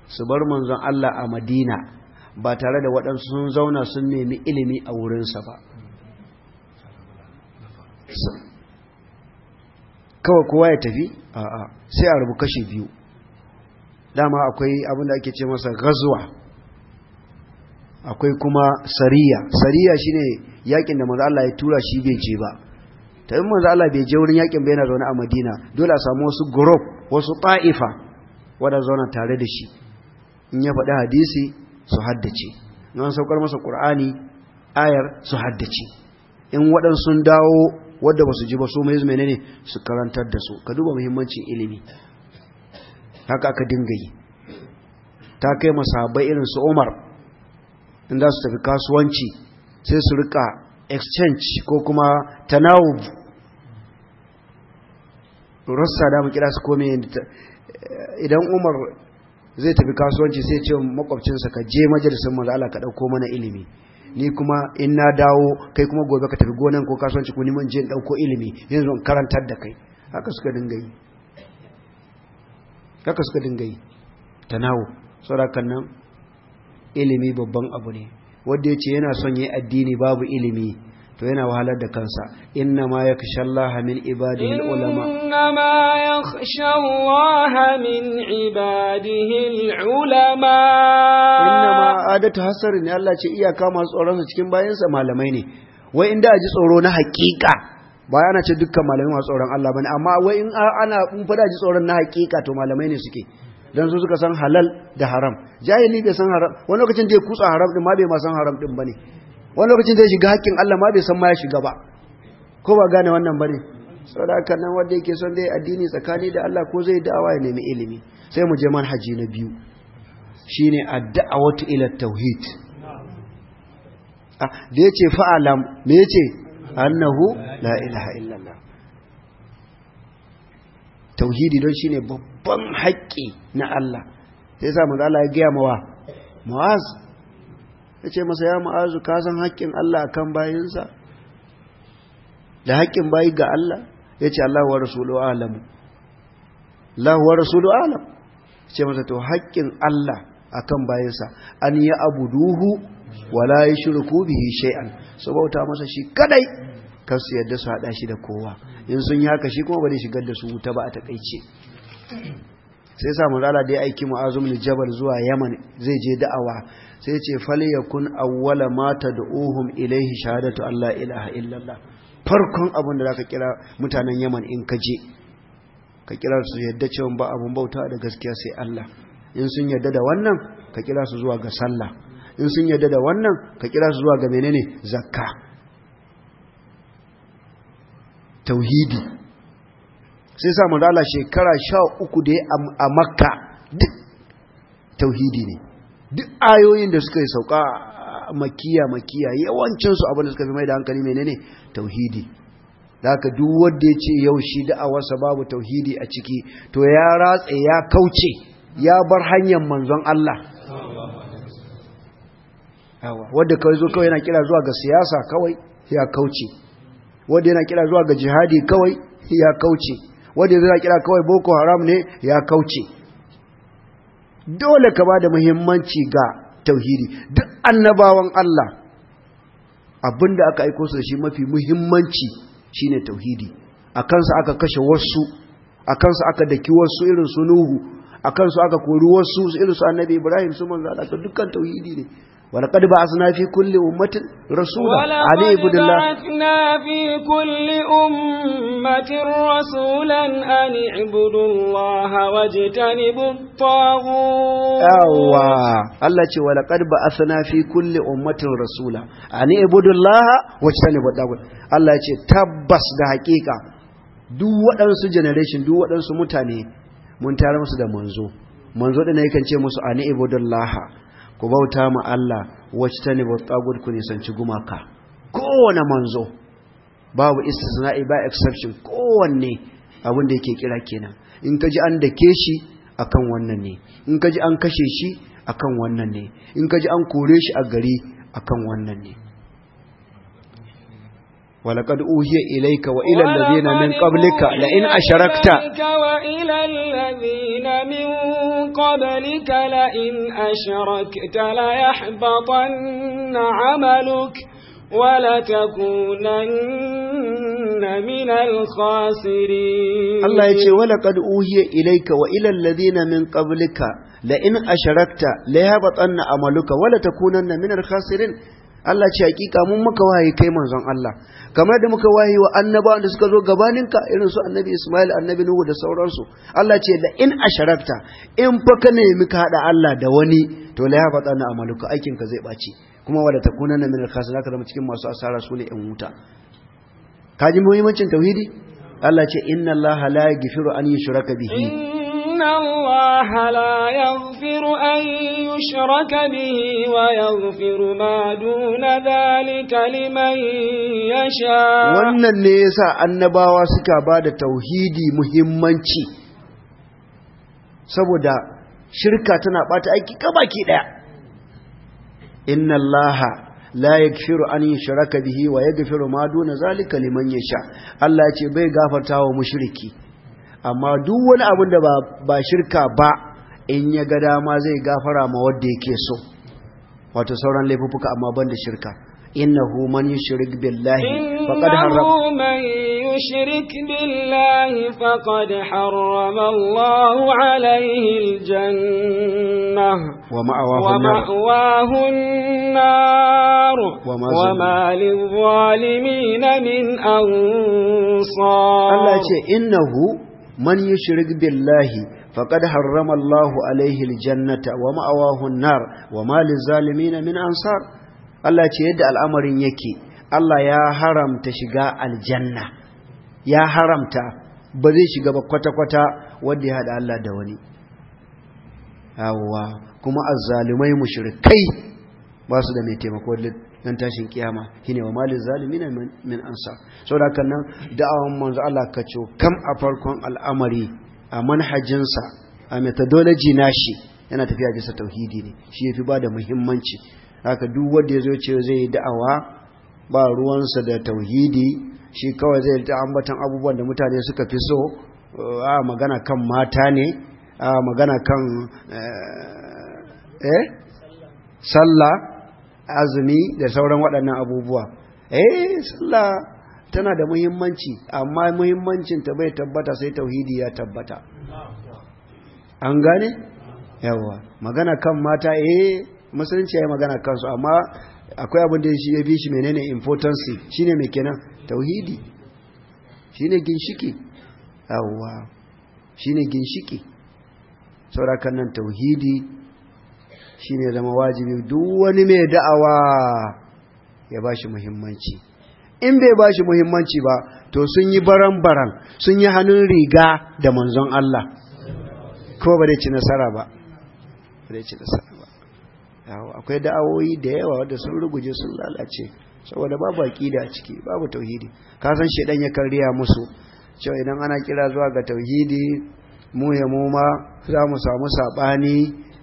Speaker 1: su bar manzon Allah a Madina ba tare da waɗansu sun zauna sun nemi ilimi a wurinsa ba kawai kowa ya tafi a'a sai a rubu kashi biyu dama akwai abin da ake ce masa gazuwa akwai kuma sariya sariya shine yakin da manzo Allah ya tura shi bai je ba ta yi manzo Allah bai je wurin yakin bai yana zaune a Madina dole a samu wasu group wasu ta'ifa wanda zauna tare da shi in ya faɗi hadisi su haddace na wani saukar masa kur'ani ayar su haddace in waɗansu sun dawo wadda ba su ji ba su mai ne su karantar da su ka duba muhimmancin ilimi haka aka dinga yi ta kai masabai irin su Umar in za su tafi kasuwanci sai su rika exchange ko kuma tanawub to rassa da mu kira su kome idan umar zai tafi kasuwanci sai ce makwabcinsa ka je majalisar mazala Ala ka dauko mana ilimi ni kuma in na dawo kai kuma gobe ka tafi gonan ko kasuwanci ko neman je in dauko ilimi yanzu karantar da kai haka suka dinga yi haka suka dinga yi tanawo saurakan nan ilimi babban abu ne wanda ya ce yana son yi addini babu ilimi to yana wahalar da kansa inna ma ya kashe Allah min ibadihi ulama
Speaker 2: inna ma ya kashe Allah min ibadihi ulama
Speaker 1: inna ma adatu hasar ne Allah ce iyaka masu tsoronsa sa cikin bayansa malamai ne wai inda ji tsoro na hakika baya yana ce dukkan malamai masu tsoron Allah bane amma wai in ana in fada ji tsoron na hakika to malamai ne suke dan su suka san halal da haram jahili bai san haram wani lokacin da ya kutsa haram din ma bai ma san haram din bane wani lokacin zai shiga haƙƙin Allah ma bai san ma ya shiga ba ko ba gane wannan bane saboda haka nan wanda yake son zai addini tsakani da Allah ko zai da'awa ya nemi ilimi sai mu je manhaji na biyu shine ad-da'watu ila tauhid ah, da yace fa'alam me yace annahu la ilaha illallah tauhidi don shine babban haƙƙi na Allah sai sa mu Allah ya ga mawa mawaz ya ce masa ya ma'azu ka san haƙƙin Allah kan bayinsa da haƙƙin bayi ga Allah ya ce Allah wa rasulu alamu Allah wa rasulu alamu ya ce masa to haƙƙin Allah akan bayinsa an yi abu duhu wala yi shirku bihi shay'an su bauta masa shi kadai kan su yadda su haɗa shi da kowa in sun yi haka shi kuma ba zai shigar da su wuta ba a taƙaice sai samun rana da ya aiki mu'azum jabal zuwa yaman zai je da'awa sai ce falyakun awwala da ohun ilaihi shahadatu Allah ilaha illallah farkon abin da zaka kira mutanen Yaman in ka je ka kira su yadda cewa ba abin bauta da gaskiya sai Allah in sun yadda da wannan ka kira su zuwa ga sallah in sun yadda da wannan ka kira su zuwa ga menene zakka tauhidi sai sa manzo shekara shekara 13 da a Makka duk tauhidi ne duk ayoyin da suka yi sauka makiya makiya yawancinsu abin da suka fi mai da hankali menene tauhidi da ka duk wadda ya ce yau shi da'awarsa babu tauhidi a ciki to ya ratse ya kauce ya bar hanyar manzon Allah wadda kawai zo kawai yana kira zuwa ga siyasa kawai ya kauce wadda yana kira zuwa ga jihadi kawai ya kauce wadda yana kira kawai boko haram ne ya kauce dole ka ba da muhimmanci ga tauhidi duk annabawan Allah abinda aka aiko su shi mafi muhimmanci shine tauhidi a su aka kashe wasu a su aka daki wasu irin su Nuhu a kansu aka kori wasu irin su Annabi Ibrahim su manzo Allah dukkan tauhidi ne ولقد بعثنا في كل أمة رسولا علي بن الله
Speaker 2: بعثنا في كل أمة رسولا أن اعبدوا الله واجتنبوا الطاغوت
Speaker 1: أوا الله تي ولقد بعثنا في كل أمة رسولا أن اعبدوا الله واجتنبوا الطاغوت الله تي تبس ده حقيقة duk waɗansu generation duk waɗansu mutane mun tare musu da manzo manzo da ne yakan ce musu ani ibudullaha ku bauta ma Allah wacce ta ne bautagut ku nisanci gumaka kowane manzo babu istisna'i ba exception kowanne abin da yake kira kenan in ka ji an dake shi akan wannan ne in kaji an kashe shi akan wannan ne in kaji an kore shi a gari akan wannan ne ولقد أوهي إليك وإلى الذين من قبلك لئن أشركت وإلى الذين من
Speaker 2: قبلك لئن أشركت ليحبطن عملك ولتكونن من الخاسرين الله يقول
Speaker 1: ولقد أوهي إليك وإلى الذين من قبلك لئن أشركت ليهبطن عملك ولتكونن من الخاسرين Allah ce hakika mun muka wahayi kai manzon Allah kamar da muka wahayi wa annabawa da suka zo gabaninka irin su annabi Ismail annabi Nuhu da sauransu Allah ce da in asharakta in fa ka nemi ka hada Allah da wani to la yabata na amaluka aikin ka zai baci kuma wala takuna na min al-khasira ka zama cikin masu asara su ne in wuta kaji muhimmancin tauhidi Allah ce inna Allah la yaghfiru an yushraka bihi
Speaker 2: إن الله لا يغفر أن يشرك به
Speaker 1: ويغفر ما دون ذلك لمن يشاء wannan ne yasa annabawa suka ba da tauhidi muhimmanci saboda shirka tana bata aiki kabaki daya inna allaha la yaghfiru an yushraka bihi wa yaghfiru ma duna zalika liman yasha Allah ya ce bai gafarta wa mushriki amma duk wani abin da ba shirka ba in ya ga dama zai gafara ma wanda yake so wato sauran laifuka amma ban da shirka innahu man yushrik billahi faqad harrama
Speaker 2: man yushrik billahi faqad harrama Allahu alayhi aljanna wa ma'awahu an-nar
Speaker 1: wa ma lil na min ansar Allah ce innahu man yushrik billahi faqad harrama Allahu alaihi aljannata wa ma'awahu nar wa mali lizalimin na ansar Allah ce yadda al'amarin yake Allah ya haramta shiga aljanna ya haramta ba zai shiga ba kwata-kwata wanda ya hada Allah da wani yawwa kuma azzalumai mushrikai ba su da mai taimako nan tashin kiyama shine wa malil zalimin min ansar saboda kan nan da'awan manzo Allah ka ce kam a farkon al'amari a manhajinsa a methodology nashi yana tafiya bisa tauhidi ne shi yafi bada muhimmanci haka duk wanda yazo ce zai yi da'awa ba ruwansa da tauhidi shi kawai zai ta ambatan abubuwan da mutane suka fi so a magana kan mata ne a magana kan eh, eh? sallah azumi da sauran waɗannan abubuwa eh sallah tana da muhimmanci amma muhimmancin ta bai tabbata sai tauhidi ya tabbata an gane yawa magana kan mata eh musulunci ya yi magana kansu amma akwai abin da ya bi shi menene importance shine mai kenan tauhidi shine ginshiki yawa shine ginshiki saurakan nan tauhidi shi ne zama wajibi duk wani mai da'awa ya ba shi muhimmanci in bai ba shi muhimmanci ba to sun yi baran-baran sun yi hannun riga da manzon Allah ko ba ci nasara ba ba ci nasara ba akwai da'awoyi da yawa wadda sun ruguje sun lalace saboda babu aƙida a ciki babu tauhidi ka san shedan ya karya musu cewa idan ana kira zuwa ga tauhidi mu ya mu ma za mu samu saɓani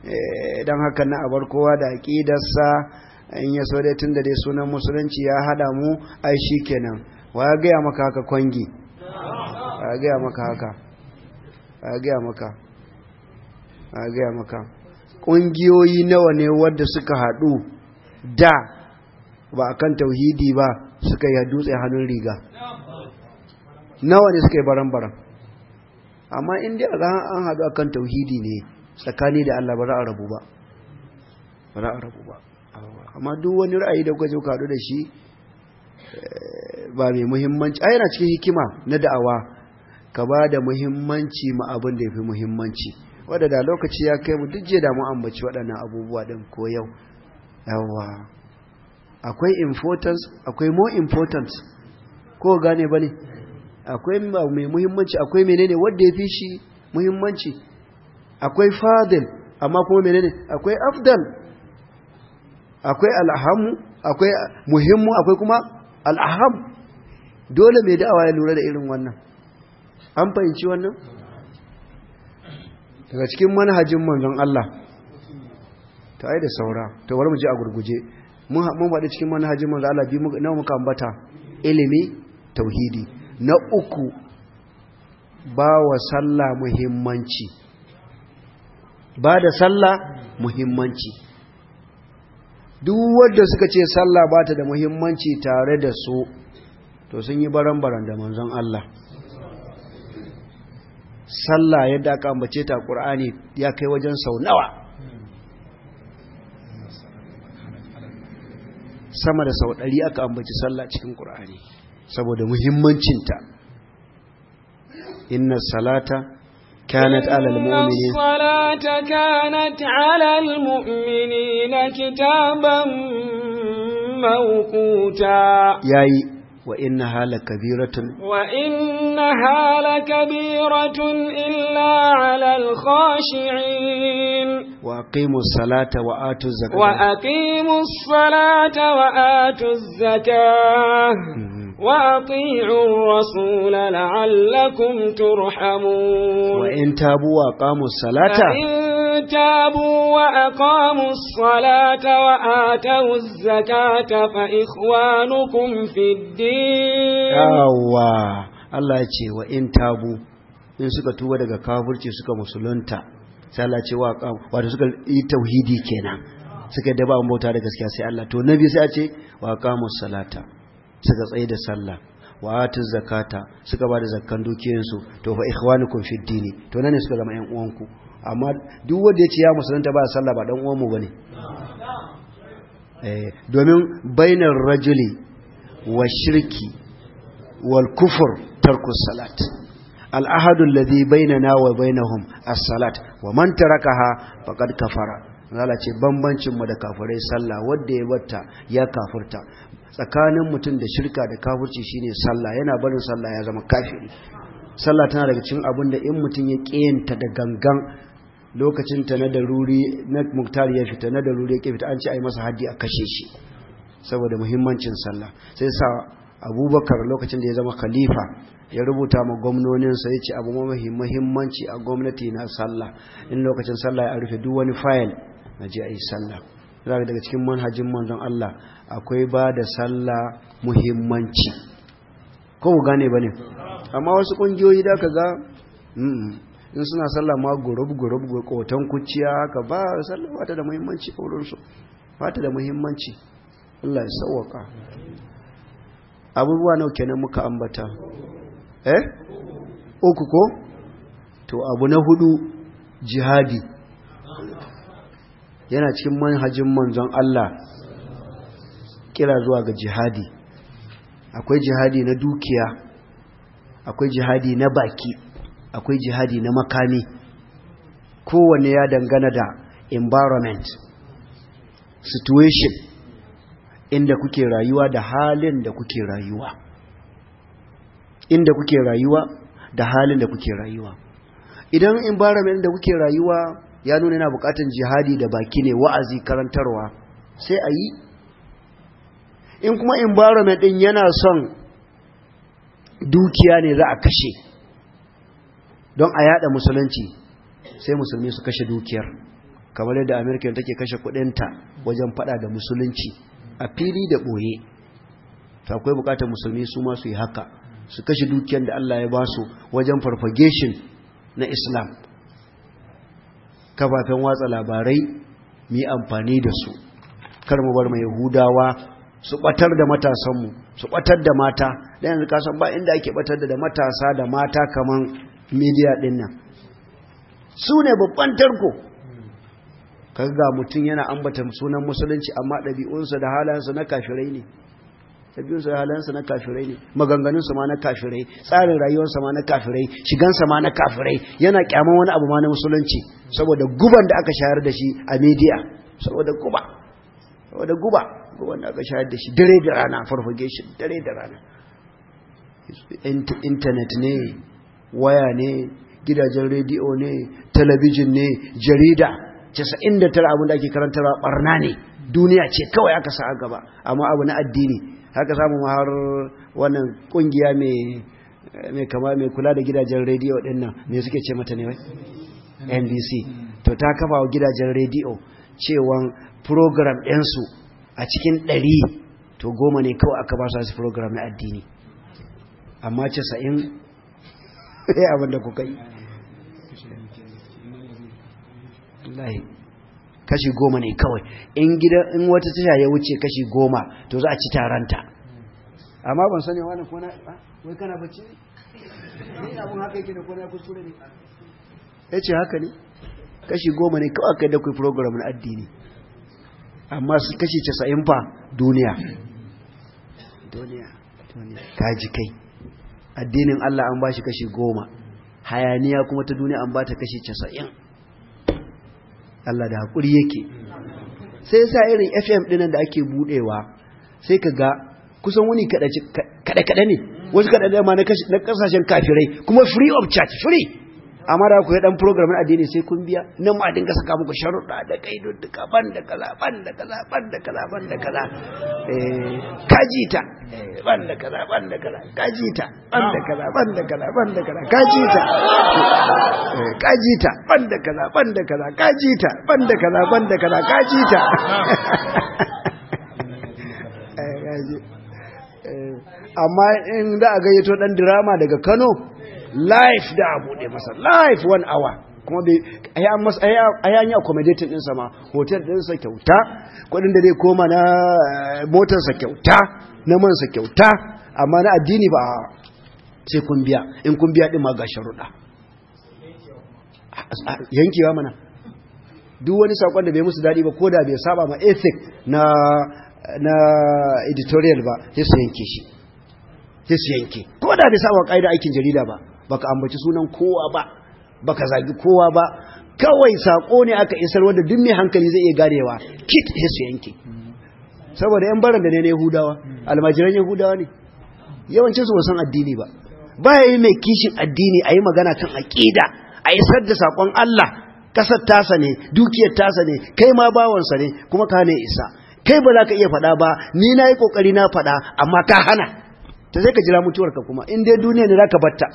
Speaker 1: Eh, don haka na abar kowa da aƙidarsa in ya so dai tun da dai sunan musulunci ya haɗa mu ai shi kenan wa ya gaya maka haka kwangi wa ya gaya maka haka wa ya gaya maka wa ya gaya maka ƙungiyoyi nawa ne wadda suka haɗu da ba a kan tauhidi ba suka yi dutse hannun riga nawa ne suka yi baran-baran amma inda an a akan tauhidi ne tsakani da Allah ba za a rabu ba ba za a rabu ba amma duk wani ra'ayi da kuka je da shi eh, ba mai muhimmanci a yana cikin hikima na da'awa ka ba da muhimmanci ma abin da ya fi muhimmanci wadda da lokaci ya kai mu duk je da mu ambaci waɗannan abubuwa ɗin ko yau yawa akwai importance akwai more important ko gane ba ne akwai mai muhimmanci akwai menene wadda ya fi shi muhimmanci akwai fadil amma kuma menene akwai afdal akwai alhamu akwai muhimmu akwai kuma alham dole mai da'awa ya lura da irin wannan an fahimci wannan daga cikin manhajin manzon Allah ta yi da saura ta wani mu je a gurguje mun faɗi cikin manhajin manzon Allah biyu na muka ambata ilimi tauhidi na uku ba wa sallah muhimmanci ba da sallah muhimmanci duk wadda suka ce sallah ba ta da muhimmanci tare da su to sun yi baran-baran da manzon Allah sallah yadda aka ambace ta ƙur'ani ya kai wajen sau nawa sama da sau ɗari aka ambaci sallah cikin ƙur'ani saboda muhimmancinta inna salata كانت على المؤمنين
Speaker 2: الصلاة كانت على المؤمنين كتابا
Speaker 1: موقوتا ياي وإنها لكبيرة
Speaker 2: وإنها لكبيرة إلا على الخاشعين
Speaker 1: وأقيموا الصلاة وآتوا الزكاة
Speaker 2: وأقيموا الصلاة وآتوا الزكاة وأطيعوا الرسول لعلكم ترحمون وإن
Speaker 1: تابوا وأقاموا الصلاة
Speaker 2: وإن تابوا وأقاموا الصلاة وآتوا الزكاة فإخوانكم في الدين أوا
Speaker 1: الله يجي وإن تابوا إن سكتوا ودك كافرتي سكا مسلونتا sai Allah ce wa wato suka yi tauhidi kenan suka daba bauta da gaskiya sai Allah to nabi sai a ce wa qamus suka tsaye da sallah wa atu zakata suka ba da zakkan dukiyarsu to fa ikhwanukum fi dini to nan ne suka zama ƴan uwanku amma duk wanda ya ce ya musulunta ba sallah ba dan uwanmu bane eh domin bainar rajuli wa shirki wal kufur tarku salat al ahadu alladhi bainana wa bainahum as salat wa man tarakaha faqad kafara Allah ce bambancin mu da kafirai sallah wanda ya batta ya kafirta tsakanin mutum da shirka da kafirci shine sallah yana barin sallah ya zama kafiri sallah tana daga cikin abin da in mutum ya kiyanta da gangan lokacin ta na daruri na muktar ya fita na daruri ya fita an ce ai masa haddi a kashe shi saboda muhimmancin sallah sai sa abubakar lokacin da ya zama khalifa ya rubuta ma gwamnoninsa ya ce abu mafi muhimmanci a gwamnati na sallah in lokacin sallah ya rufe duk wani fayil na je a yi sallah za daga cikin manhajin manzon Allah akwai ba da sallah muhimmanci ko ku gane ba ne amma wasu ƙungiyoyi da ka ga mm, in suna sallah ma gurub gurub kotan kuciya haka ba sallah ba ta da muhimmanci a wurinsu ba ta da muhimmanci Allah ya sauwaka abubuwa nau kenan muka ambata eh uku ko to abu na hudu jihadi yana cikin manhajin manzon Allah kira zuwa ga jihadi akwai jihadi na dukiya akwai jihadi na baki akwai jihadi na makami kowanne ya dangana da environment situation inda kuke rayuwa da halin da kuke rayuwa inda kuke rayuwa da halin da kuke rayuwa idan environment da kuke rayuwa ya nuna yana bukatan jihadi da baki ne wa'azi karantarwa sai a yi in kuma environment din yana son dukiya ne za a kashe don a yada musulunci sai musulmi su kashe dukiyar kamar yadda amerika take kashe kudinta wajen fada da musulunci a fili da boye ta akwai bukatar musulmi su ma yi haka su kashe dukiyar da allah ya basu wajen farfagation na islam kafafen watsa labarai mu amfani da su kar mu bar mai hudawa su batar da matasanmu su batar da mata da yanzu kasan ba inda ake batar da matasa da mata kaman media din nan su ne babban tarko kaga mutum yana ambata sunan musulunci amma ɗabi'unsa da halayensa na kafirai ne tafiyarsa halansa na kafirai ne sa ma na kafirai tsarin sa ma na kafirai shigansa ma na kafirai yana kyaman wani abu ma na musulunci saboda guban da aka shayar da shi a media saboda guba saboda guba guban da aka shayar da shi dare da rana farfage shi dare da rana internet ne waya ne gidajen rediyo ne talabijin ne jarida 99 abin da ake karantarwa barna ne duniya ce kawai aka sa a gaba amma abu na addini haka samu har wannan kungiya mai kama mai kula da gidajen rediyo dinnan ne suke ce mata ne wai NBC to ta kafa wa gidajen rediyo cewan program ɗinsu a cikin ɗari to goma ne kawai aka ba su program na addini amma casa'in ya abin da kuka kashi goma ne kawai in gida in wata tasha ya wuce kashi goma to za a ci taranta amma ban sani wani ko na ah, wai kana bacci ne abun haka yake da ko na kuskure ne ya ce haka ne kashi goma ne kawai kai da kai program na addini amma su kashi casa'in fa duniya duniya ka ji kai addinin Allah an ba shi kashi goma hayaniya kuma ta duniya an ba ta kashi casa'in Allah da haƙuri yake sai sa irin fm ɗinan da ake buɗewa sai ka ga kusan wani kaɗe-kaɗe ne wasu da ma na ƙasashen kafirai kuma free of charge free amma da ku yi dan program addini sai kun biya nan ma dinga saka muku sharuɗa da kaidudduka ban da kaza ban da kaza ban da kaza ban da kaza eh kajita ban da kaza ban da kaza kajita ban da kaza ban da kaza ban da kaza kajita eh, kajita ban da kaza ban da kaza kajita ban da kaza ban da kaza kajita eh, eh, amma in da a gayyato dan drama daga Kano life da a buɗe masa life one hour kuma bai a yanyi accommodating ɗinsa ma hotel ɗinsa kyauta kudin da zai koma na eh, motarsa kyauta na mansa kyauta amma na addini ba sai kun biya in kun biya ɗin ma ga ruɗa. yankewa mana duk wani sakon da bai musu daɗi ba ko da bai saba ma ethic na na editorial ba sai su yanke shi sai su yanke ko da bai saba ƙa'ida aikin jarida ba baka ambaci sunan kowa ba baka zagi kowa ba kawai sako ne aka isar wanda duk mai hankali zai iya garewa, kit ya su yanke saboda yan baran da ne na yahudawa almajiran yahudawa ne yawancin su san addini ba ba yi mai kishin addini a yi magana kan aƙida a isar da sakon Allah kasar tasa ne dukiyar tasa ne kai ma bawansa ne kuma ka ne isa kai ba za ka iya faɗa ba ni na yi ƙoƙari na faɗa amma ka hana ta sai ka jira mutuwarka kuma in dai duniya ne zaka batta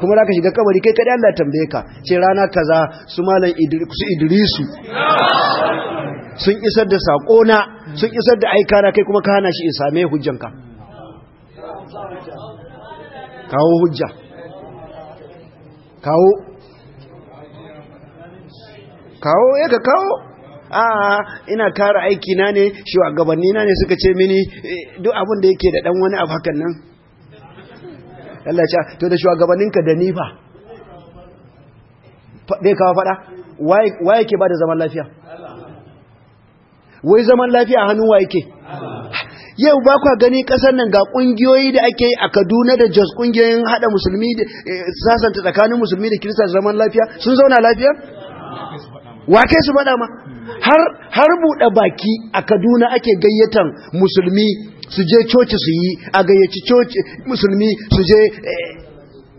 Speaker 1: kuma ka shiga kabari kai kadai Allah tambaye ka ce rana kaza su malam Idrisu Idrisu sun isar da sako na sun isar da aika na kai kuma ka hana shi in same hujjanka kawo hujja kawo kawo ya eh, ka kawo a ina kara aiki na ne gabanni na ne suka ce mini eh, duk abin da yake da dan wani abu hakan nan Allah ya ce to da shugabanninka da ni fa dai kawo fada waye ke ba da zaman lafiya wai zaman lafiya hannun waye ke yau ba kwa gani kasar nan ga ƙungiyoyi da ake a kaduna da jos kungiyoyin hada musulmi da eh, sasanta tsakanin musulmi da kirista zaman lafiya sun zauna lafiya wa kai su faɗa ma har buɗe baki a kaduna ake gayyatan musulmi su je coci su yi a gayyaci coci musulmi su je eh,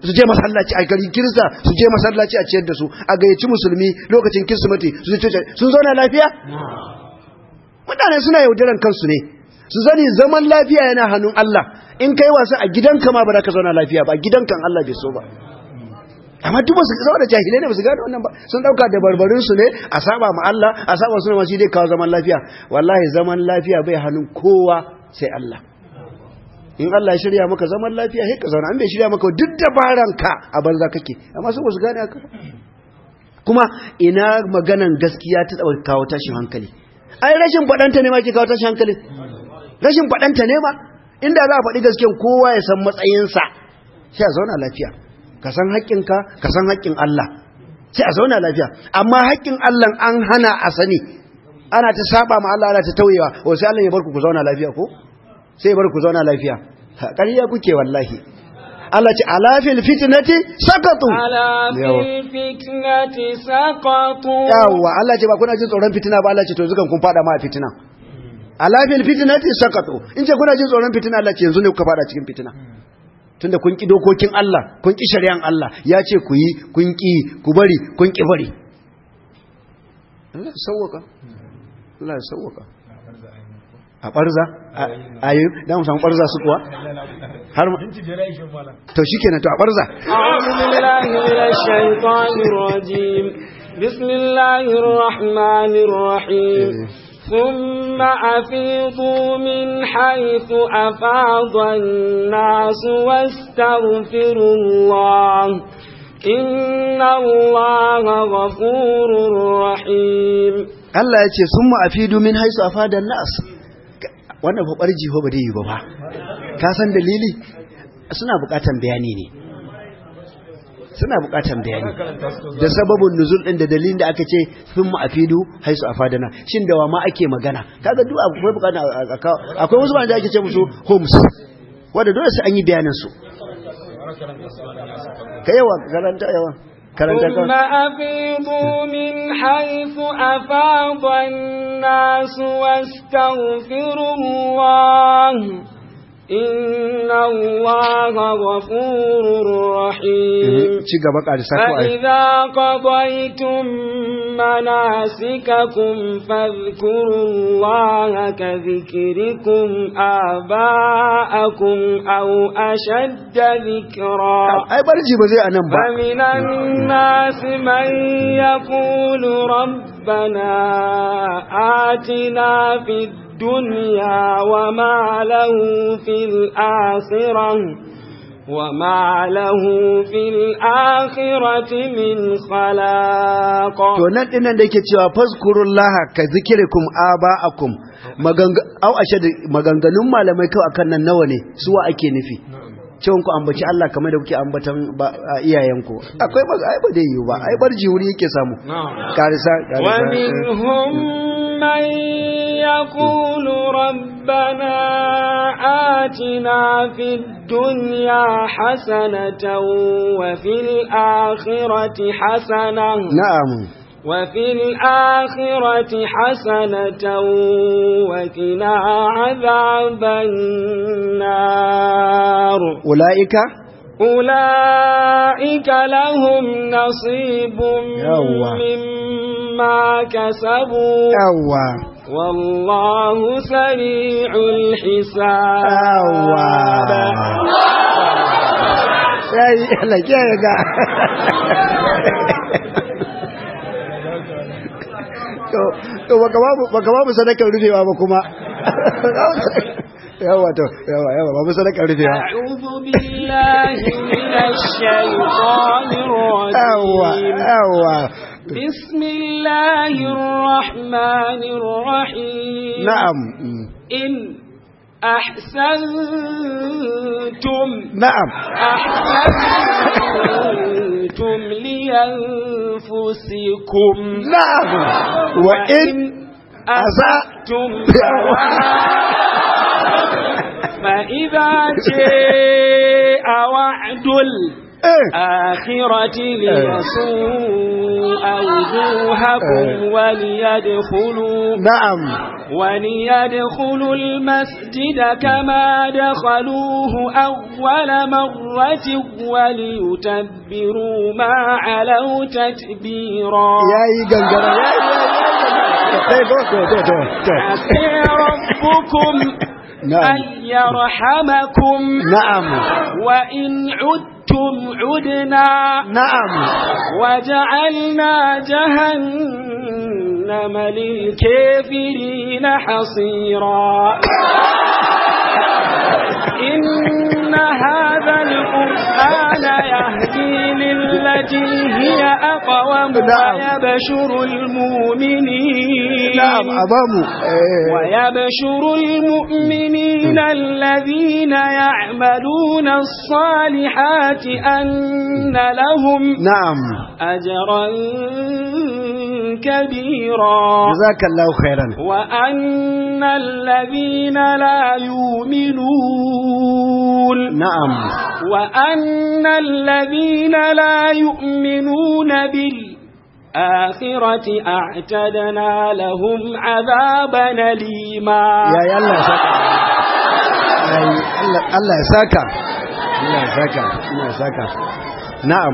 Speaker 1: su je masallaci a garin kirista su je masallaci a ciyar da su a gayyaci musulmi lokacin kirsimati su je coci sun zauna lafiya mutane suna yaudaran kansu ne su zani zaman lafiya yana hannun Allah in kai wasu a gidanka ma ba za ka zauna lafiya ba gidankan Allah bai so ba amma duk su saboda jahilai ne ba su gano wannan ba sun dauka da barbarin su ne a saba ma Allah a saba su ne ma shi dai kawo zaman lafiya wallahi zaman lafiya bai hannun kowa sai Allah in Allah ya shirya maka zaman lafiya sai ka zauna an bai shirya maka duk dabaran ka a banza kake amma su ba su gane haka kuma ina maganan gaskiya ta tsawar kawo tashin hankali ai rashin faɗanta ne ma ke kawo tashin hankali rashin faɗanta ne ma inda za a faɗi gasken kowa ya san matsayinsa sai a zauna lafiya ka san haƙƙinka ka san haƙƙin Allah sai a zauna lafiya amma haƙƙin Allah an hana a sani ana ta saba ma Allah ana ta tauyewa o oh, sai Allah ya bar ku zauna lafiya ko sai ya bar ku zauna lafiya kariya kuke wallahi Allah ce ala fil fitnati sakatu ala
Speaker 2: fitnati sakatu yawa
Speaker 1: Allah ce ba kuna jin tsoron fitina ba Allah ce to zukan kun fada ma fitina ala fil fitnati sakatu in ce kuna jin tsoron fitina Allah ce yanzu ne kuka fada cikin fitina tunda kun ki dokokin Allah kun ki shari'an Allah ya ce ku yi kun ki ku bari kun ki bari Allah sauka Allah ya sauwaka a barza a yi da mu samu barza su kuwa har ma to kenan
Speaker 2: to a barza ثم أفيضوا من حيث أفاض الناس واستغفروا الله إن الله غفور
Speaker 1: رحيم Allah ya ce sun ma'afidu min haisu a fadar nas wannan faɓar jiho ba dai yi ba ba ka san dalili suna buƙatan bayani ne suna buƙatan bayani da sababin nuzul ɗin da dalilin da aka ce sun ma'afidu haisu a fadana shin da wa ma ake magana kaga duk akwai buƙatan akwai wasu ba da ake ce musu homes wanda dole sai an yi bayanin su
Speaker 2: ka
Speaker 1: yawa karanta yawa karanta ka kuma
Speaker 2: afidu min haythu إن الله غفور رحيم
Speaker 1: فإذا
Speaker 2: قضيتم مناسككم فاذكروا الله كذكركم آباءكم أو أشد ذكرا فمن الناس من يقول ربنا آتنا في الدنيا الدنيا وما له في الآخرة وما له في الآخرة من خلاق to nan
Speaker 1: dinnan da yake cewa fazkurullaha ka zikirikum aba'akum au ashe maganganun malamai kawai akan nan nawa ne su wa ake nufi cewon ku ambaci Allah kamar da kuke ambatan ba iyayenku akwai ba ai ba dai yiwu ba ai barji wuri yake samu karisa karisa wa minhum
Speaker 2: man يقول ربنا آتنا في الدنيا حسنة وفي الآخرة حسنة نعم وفي الآخرة حسنة وقنا عذاب النار أولئك أولئك لهم نصيب
Speaker 1: مما
Speaker 2: كسبوا والله سريع الحساب yayi
Speaker 1: Allah ke ga to to
Speaker 2: بسم الله الرحمن الرحيم نعم إن أحسنتم
Speaker 1: نعم
Speaker 3: أحسنتم
Speaker 2: لأنفسكم نعم وإن أسأتم فإذا جاء وعد آخرة ليسوء أوجوهكم وليدخلوا نعم وليدخلوا المسجد كما دخلوه أول مرة وليتبروا ما علوا تتبيرا
Speaker 3: يا يجنجر
Speaker 2: يا يا ربكم أن يرحمكم نعم وإن عدتم أنتم عدنا نعم وجعلنا جهنم للكافرين حصيرا إن هذا القرآن التي هي أقوم نعم. ويبشر المؤمنين نعم أمامه ويبشر المؤمنين الذين يعملون الصالحات أن لهم نعم أجرا كبيرا
Speaker 1: جزاك الله خيرا
Speaker 2: وأن الذين لا يؤمنون نعم وأن الذين لا يؤمنون بال آخرة أعتدنا لهم عذابا أليما يا يلا
Speaker 1: يساكا الله يساكا الله يساكا الله يساكا نعم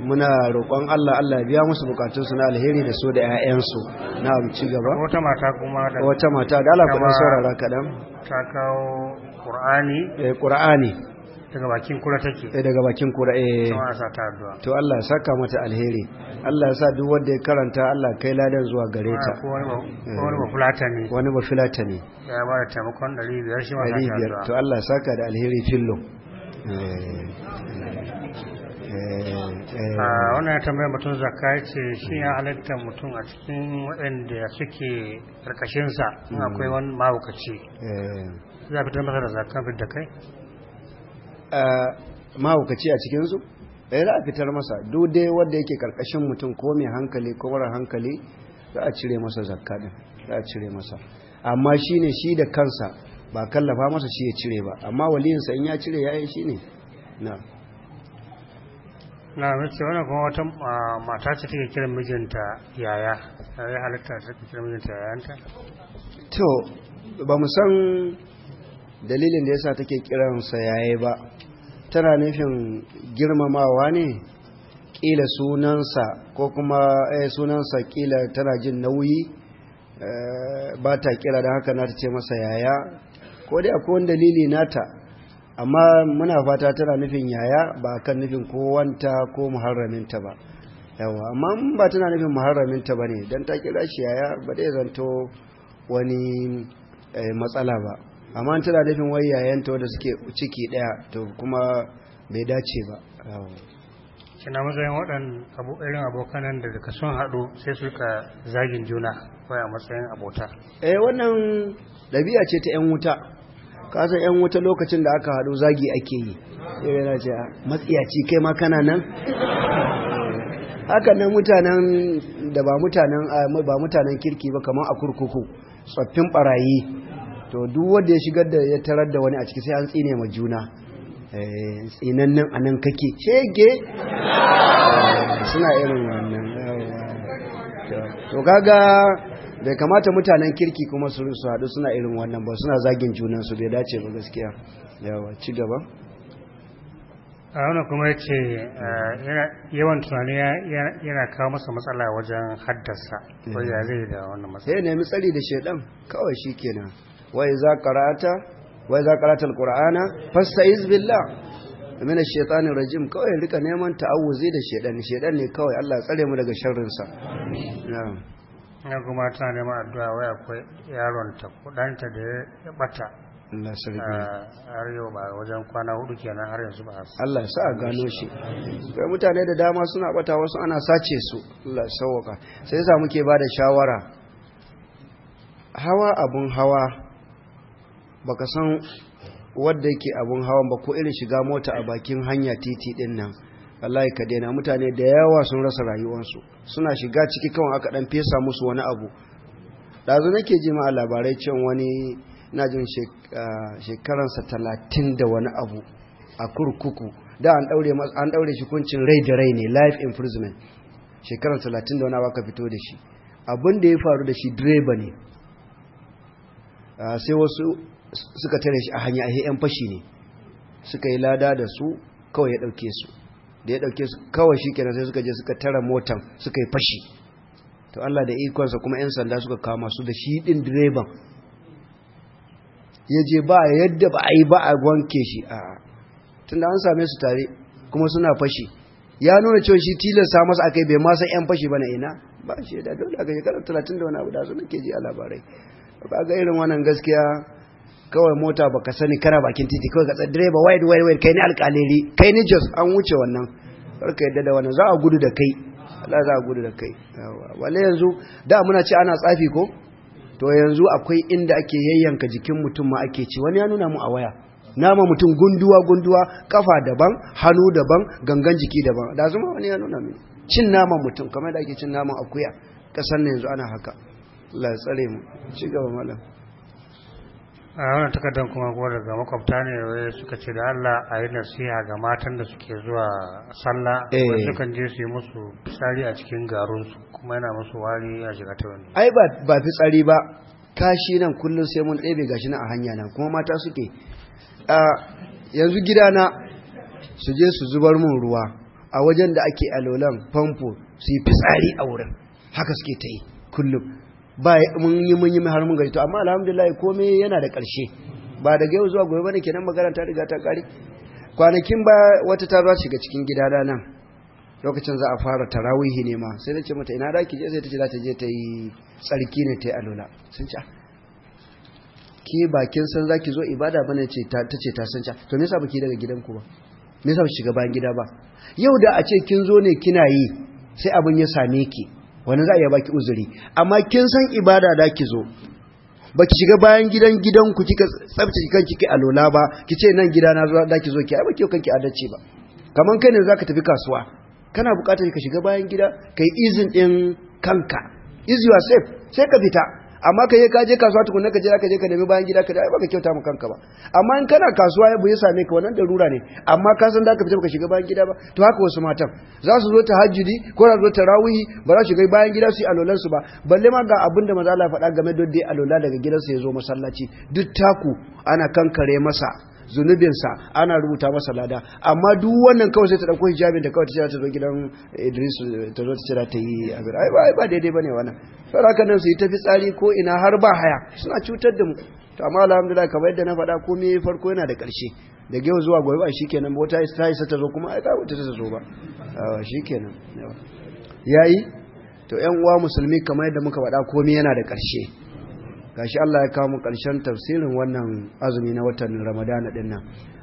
Speaker 1: muna roƙon Allah Allah biya musu bukatunsu na alheri da su da 'ya'yansu na ci gaba
Speaker 4: wata mata kuma da wata mata da Allah kuma saurara kaɗan ta kawo
Speaker 1: Qur'ani eh Qur'ani daga bakin kura take eh daga bakin kura eh to Allah ya saka mata alheri Allah ya sa duk wanda ya karanta Allah kai ladan zuwa gare ta ah, wani ba fulata ne eh. wani ba fulata ne
Speaker 4: ya ba da taimakon biyar shi ma ta to
Speaker 1: Allah ya saka da alheri fillo eh. Eh, eh. Ah,
Speaker 4: wannan ya tambaya mutum zakka ya ce shi ya halatta mutum a cikin waɗanda ya suke ƙarƙashinsa in hmm. akwai wani mahaukaci eh. za a fitar masa da zakka fi da kai
Speaker 1: mahaukaci a cikinsu ɗaya za a fitar masa dai wanda yake ƙarƙashin mutum ko mai hankali ko mara hankali za a cire masa zakka ɗin za a cire masa amma shi ne shi da kansa ba kallafa masa shi ya cire ba amma waliyinsa in ya cire ya yi shi ne na
Speaker 4: na mace wani kuma wata ah, mata ce take kiran mijinta yaya yaya halitta ta take kiran mijinta yayanta
Speaker 1: to ba mu san dalilin da yasa take kiransa yaye ba tana nufin girmamawa ne kila sunansa ko kuma eh, sunansa kila tana jin nauyi eh, ba ta kira da haka na ta ce masa yaya ko dai akwai wani dalili nata amma muna fata tana nufin yaya ba kan nufin kowanta ko muharraminta ba yawa amma ba tana nufin muharraminta ba ne don ta kira shi yaya ba dai zanto wani eh, matsala ba amma tana nufin wai yayanta wadda suke ciki daya to kuma bai dace ba
Speaker 4: kina matsayin waɗan irin abokanan da daga sun haɗu sai su ka zagin juna wai a matsayin abota
Speaker 1: eh wannan ɗabi'a ce ta 'yan wuta kasan yan wuta lokacin da aka haɗu zagi ake yi yana ce ah, matsiyaci kai ma kana nan eh, haka nan mutanen da ba mutanen ba mutanen kirki ba kamar a kurkuku tsoffin barayi to duk wanda ya shigar da ya tarar da wani a ciki sai an tsine ma juna eh, tsinannen a nan kake shege eh, suna irin wannan to kaga bai kamata mutanen kirki kuma su haɗu suna irin wannan ba suna zagin junansu bai dace ba gaskiya yawa ci gaba
Speaker 4: a wani kuma ya ce eh, yawan tunani yana kawo masa matsala wajen haddasa ko ya zai da wannan matsala
Speaker 1: ya eh, nemi tsari da shaidan kawai shi kenan wai za karata wai za karata qur'ana fasta'iz izbillah. min ash-shaytanir rajim kawai rika neman ta'awuzi da shaidan shaidan ne kawai Allah tsare mu daga sharrinsa.
Speaker 4: na kuma tana nema addu'a wai akwai yaronta kudanta da ya bata
Speaker 1: Allah ah,
Speaker 4: har yau ba wajen kwana hudu kenan har yanzu ba Allah ya sa gano
Speaker 1: shi kai mutane da dama suna bata wasu ana sace su Allah ya sauka sai yasa muke ba da shawara hawa abun hawa baka san wadda yake abun hawan ba ko irin shiga mota a bakin hanya titi din nan Allah ka daina mutane da yawa sun rasa rayuwarsu suna shiga ciki kawai aka dan fesa musu wani abu dazu nake ji ma labarai cewa wani na jin shekaransa talatin da wani abu a kurkuku da an daure shi rai da rai ne life imprisonment shekaran talatin da wani abu aka fito da shi abin da ya faru da shi direba ne sai wasu suka tare shi a hanya a yan fashi ne suka yi lada da su kawai ya dauke su da ya dauke su kawai shi kenan sai suka je suka tara motan suka yi fashi to Allah da ikonsa kuma 'yan sanda suka kama su da shi ɗin direban ya je ba yadda ba a yi ba a wanke shi a tun da an same su tare kuma suna fashi ya nuna cewa shi tilasta masa aka yi bai ma san 'yan fashi ba na ina ba shi da dole a ga shekarar talatin da wani abu da su nake ji a labarai ba ga irin wannan gaskiya kawai mota baka sani kana bakin titi kawai ga direba wide wide wide kai ni alƙaleri kai ni jos an wuce wannan ka yadda da wannan za a gudu da kai Allah za a gudu da kai wale yanzu da muna ci ana tsafi ko to yanzu akwai inda ake yayyanka jikin mutum ma ake ci wani ya nuna mu a waya nama mutum gunduwa gunduwa kafa daban hannu daban gangan jiki daban da zuma wani ya nuna mini cin nama mutum kamar da ake cin naman akuya kasan yanzu ana haka Allah ya tsare mu ci gaba malam
Speaker 4: a wannan takardar kuma kuwa daga makwabta ne wai suka ce da Allah a yi nasiha ga matan da suke zuwa sallah eh. wai sukan je su yi musu fitsari a cikin garunsu kuma yana musu wari a shiga ta wani
Speaker 1: ai ba fitsari ba kashi nan kullum sai mun ɗebe gashi nan a hanya nan kuma mata suke yanzu gidana su je su zubar mun ruwa a wajen da ake alolan famfo su yi fitsari a wurin haka suke ta yi kullum ba mun yi mun yi har mun gari to amma alhamdulillah komai yana da ƙarshe ba daga yau zuwa gobe bane kenan magana ta riga ta kare kwanakin ba wata ta zuwa shiga cikin gida da nan lokacin za a fara tarawihi ne ma sai nace mata ina daki je sai ta ce za ta je ta yi tsarki ne ta yi alola sun ce ah, ke bakin san zaki zo ibada bane ce ta ce ta san ce to me yasa baki daga gidanku ba me yasa ba shiga bayan gida ba yau da a ce kin zo ne kina yi sai abin ya same ki wani za a iya baki uzuri amma kin san ibada da ki zo ba ki shiga bayan gidan gidanku kika tsaftace kike a lola ba ki ce nan gida na da ki zo ki ai ba ki kanki adalci ba kaman kai ne zaka tafi kasuwa kana bukatar ka shiga bayan gida kai izin din kanka is yourself sai ka fita amma ka je ka je kasuwa tukunna ka je ka je ka nemi bayan gida ka dai baka kyauta mu kanka ba amma in kana kasuwa ya buye same ka wannan rura ne amma ka san da ka fita baka shiga bayan gida ba to haka wasu matan za su zo tahajjudi ko za su zo tarawihi ba za su shiga bayan gida su yi alolan su ba balle ma ga abin da manzo Allah faɗa game da dai alola daga gidansa ya zo masallaci duk taku ana kankare masa zunubinsa ana rubuta masa lada amma duk wannan kawai sai ta dauko hijabin da kawai ta ta zo gidan idris ta zo ta cira ta yi abira ai ba daidai ba ne wannan saboda haka nan su yi tafi tsari ko ina har ba haya suna cutar da mu to amma alhamdulillah kamar yadda na faɗa komai farko yana da ƙarshe da yau zuwa gobe ba shikenan ba wata ta isa ta zo kuma ai ta wuce ta zo ba shikenan yayi to ƴan uwa musulmi kamar yadda muka faɗa komai yana da ƙarshe gashi Allah ya kawo mu ƙarshen tafsirin wannan azumi na watan Ramadana din nan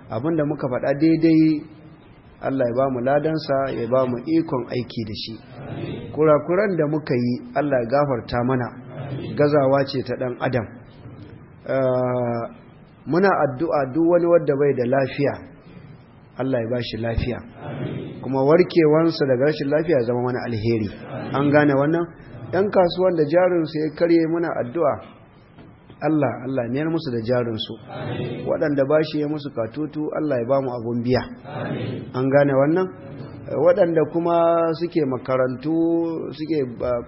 Speaker 1: abinda muka faɗa daidai Allah ya ba mu ladansa ya ba mu ikon aiki da shi kurakuran da muka yi Allah ya gafarta mana gazawa ce ta ɗan adam eh, muna addu'a duk wani wadda bai da lafiya Allah ya ba lafiya kuma warkewansa daga rashin lafiya zama mana alheri an gane wannan ɗan kasuwan da jarinsu ya karye muna addu'a Allah Allah ne musu da jarin su waɗanda ba shi ya musu katutu Allah ya ba mu abun biya an gane wannan waɗanda kuma suke makarantu suke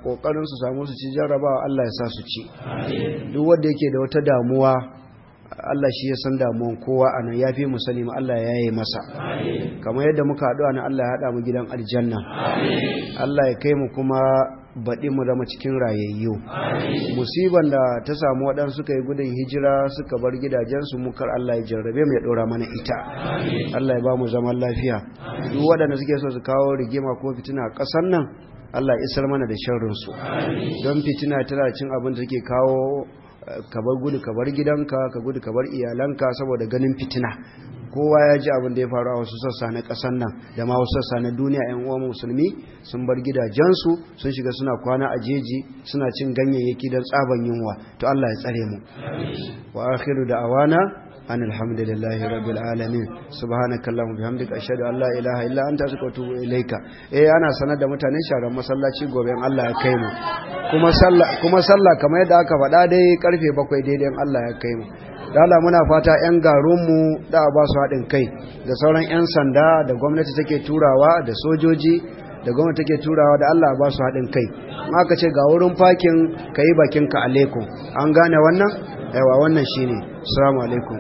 Speaker 1: ƙoƙarin su samu su ci jarrabawa Allah ya sa su ci duk wanda yake da wata damuwa Allah shi ya san damuwan kowa a nan ya fi mu sani ma Allah ya yi masa kamar yadda muka haɗu a nan Allah ya haɗa mu gidan aljanna Allah ya kai mu kuma baɗi mu zama cikin rayayyu musiban da ta samu waɗansu suka yi gudun hijira suka bar gidajensu mu kar Allah ya jarrabe mu ya ɗora mana ita Allah ya ba mu zaman lafiya duk waɗanda suke so su kawo rigima ko fitina a ƙasar nan Allah isar mana da sharrinsu don fitina tana cin abin da suke kawo ka bar gudu ka bar gidanka ka gudu ka bar iyalanka saboda ganin fitina kowa ya ji abin da ya faru a wasu sassa na ƙasar nan da ma wasu sassa na duniya yan uwa musulmi sun bar gidajensu sun shiga suna kwana a jeji suna cin ganyayyaki don tsaban yunwa to Allah ya tsare mu wa akhiru da awana أن الحمد لله رب العالمين سبحانك اللهم وبحمدك أشهد أن mutane sharar masallaci gobe in Allah ya kai mu kuma sallah kuma kamar yadda aka faɗa dai karfe bakwai daidai in Allah ya kai mu dala muna fata 'yan garun mu da ba su haɗin kai da sauran 'yan sanda da gwamnati take turawa da sojoji da gwamnati take turawa da Allah ba su haɗin kai ma ka ce ga wurin fakin ka yi bakin ka an gane wannan yawa wannan shine salamu alaikum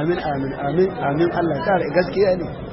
Speaker 3: amin amin amin amin Allah ya gaskiya ne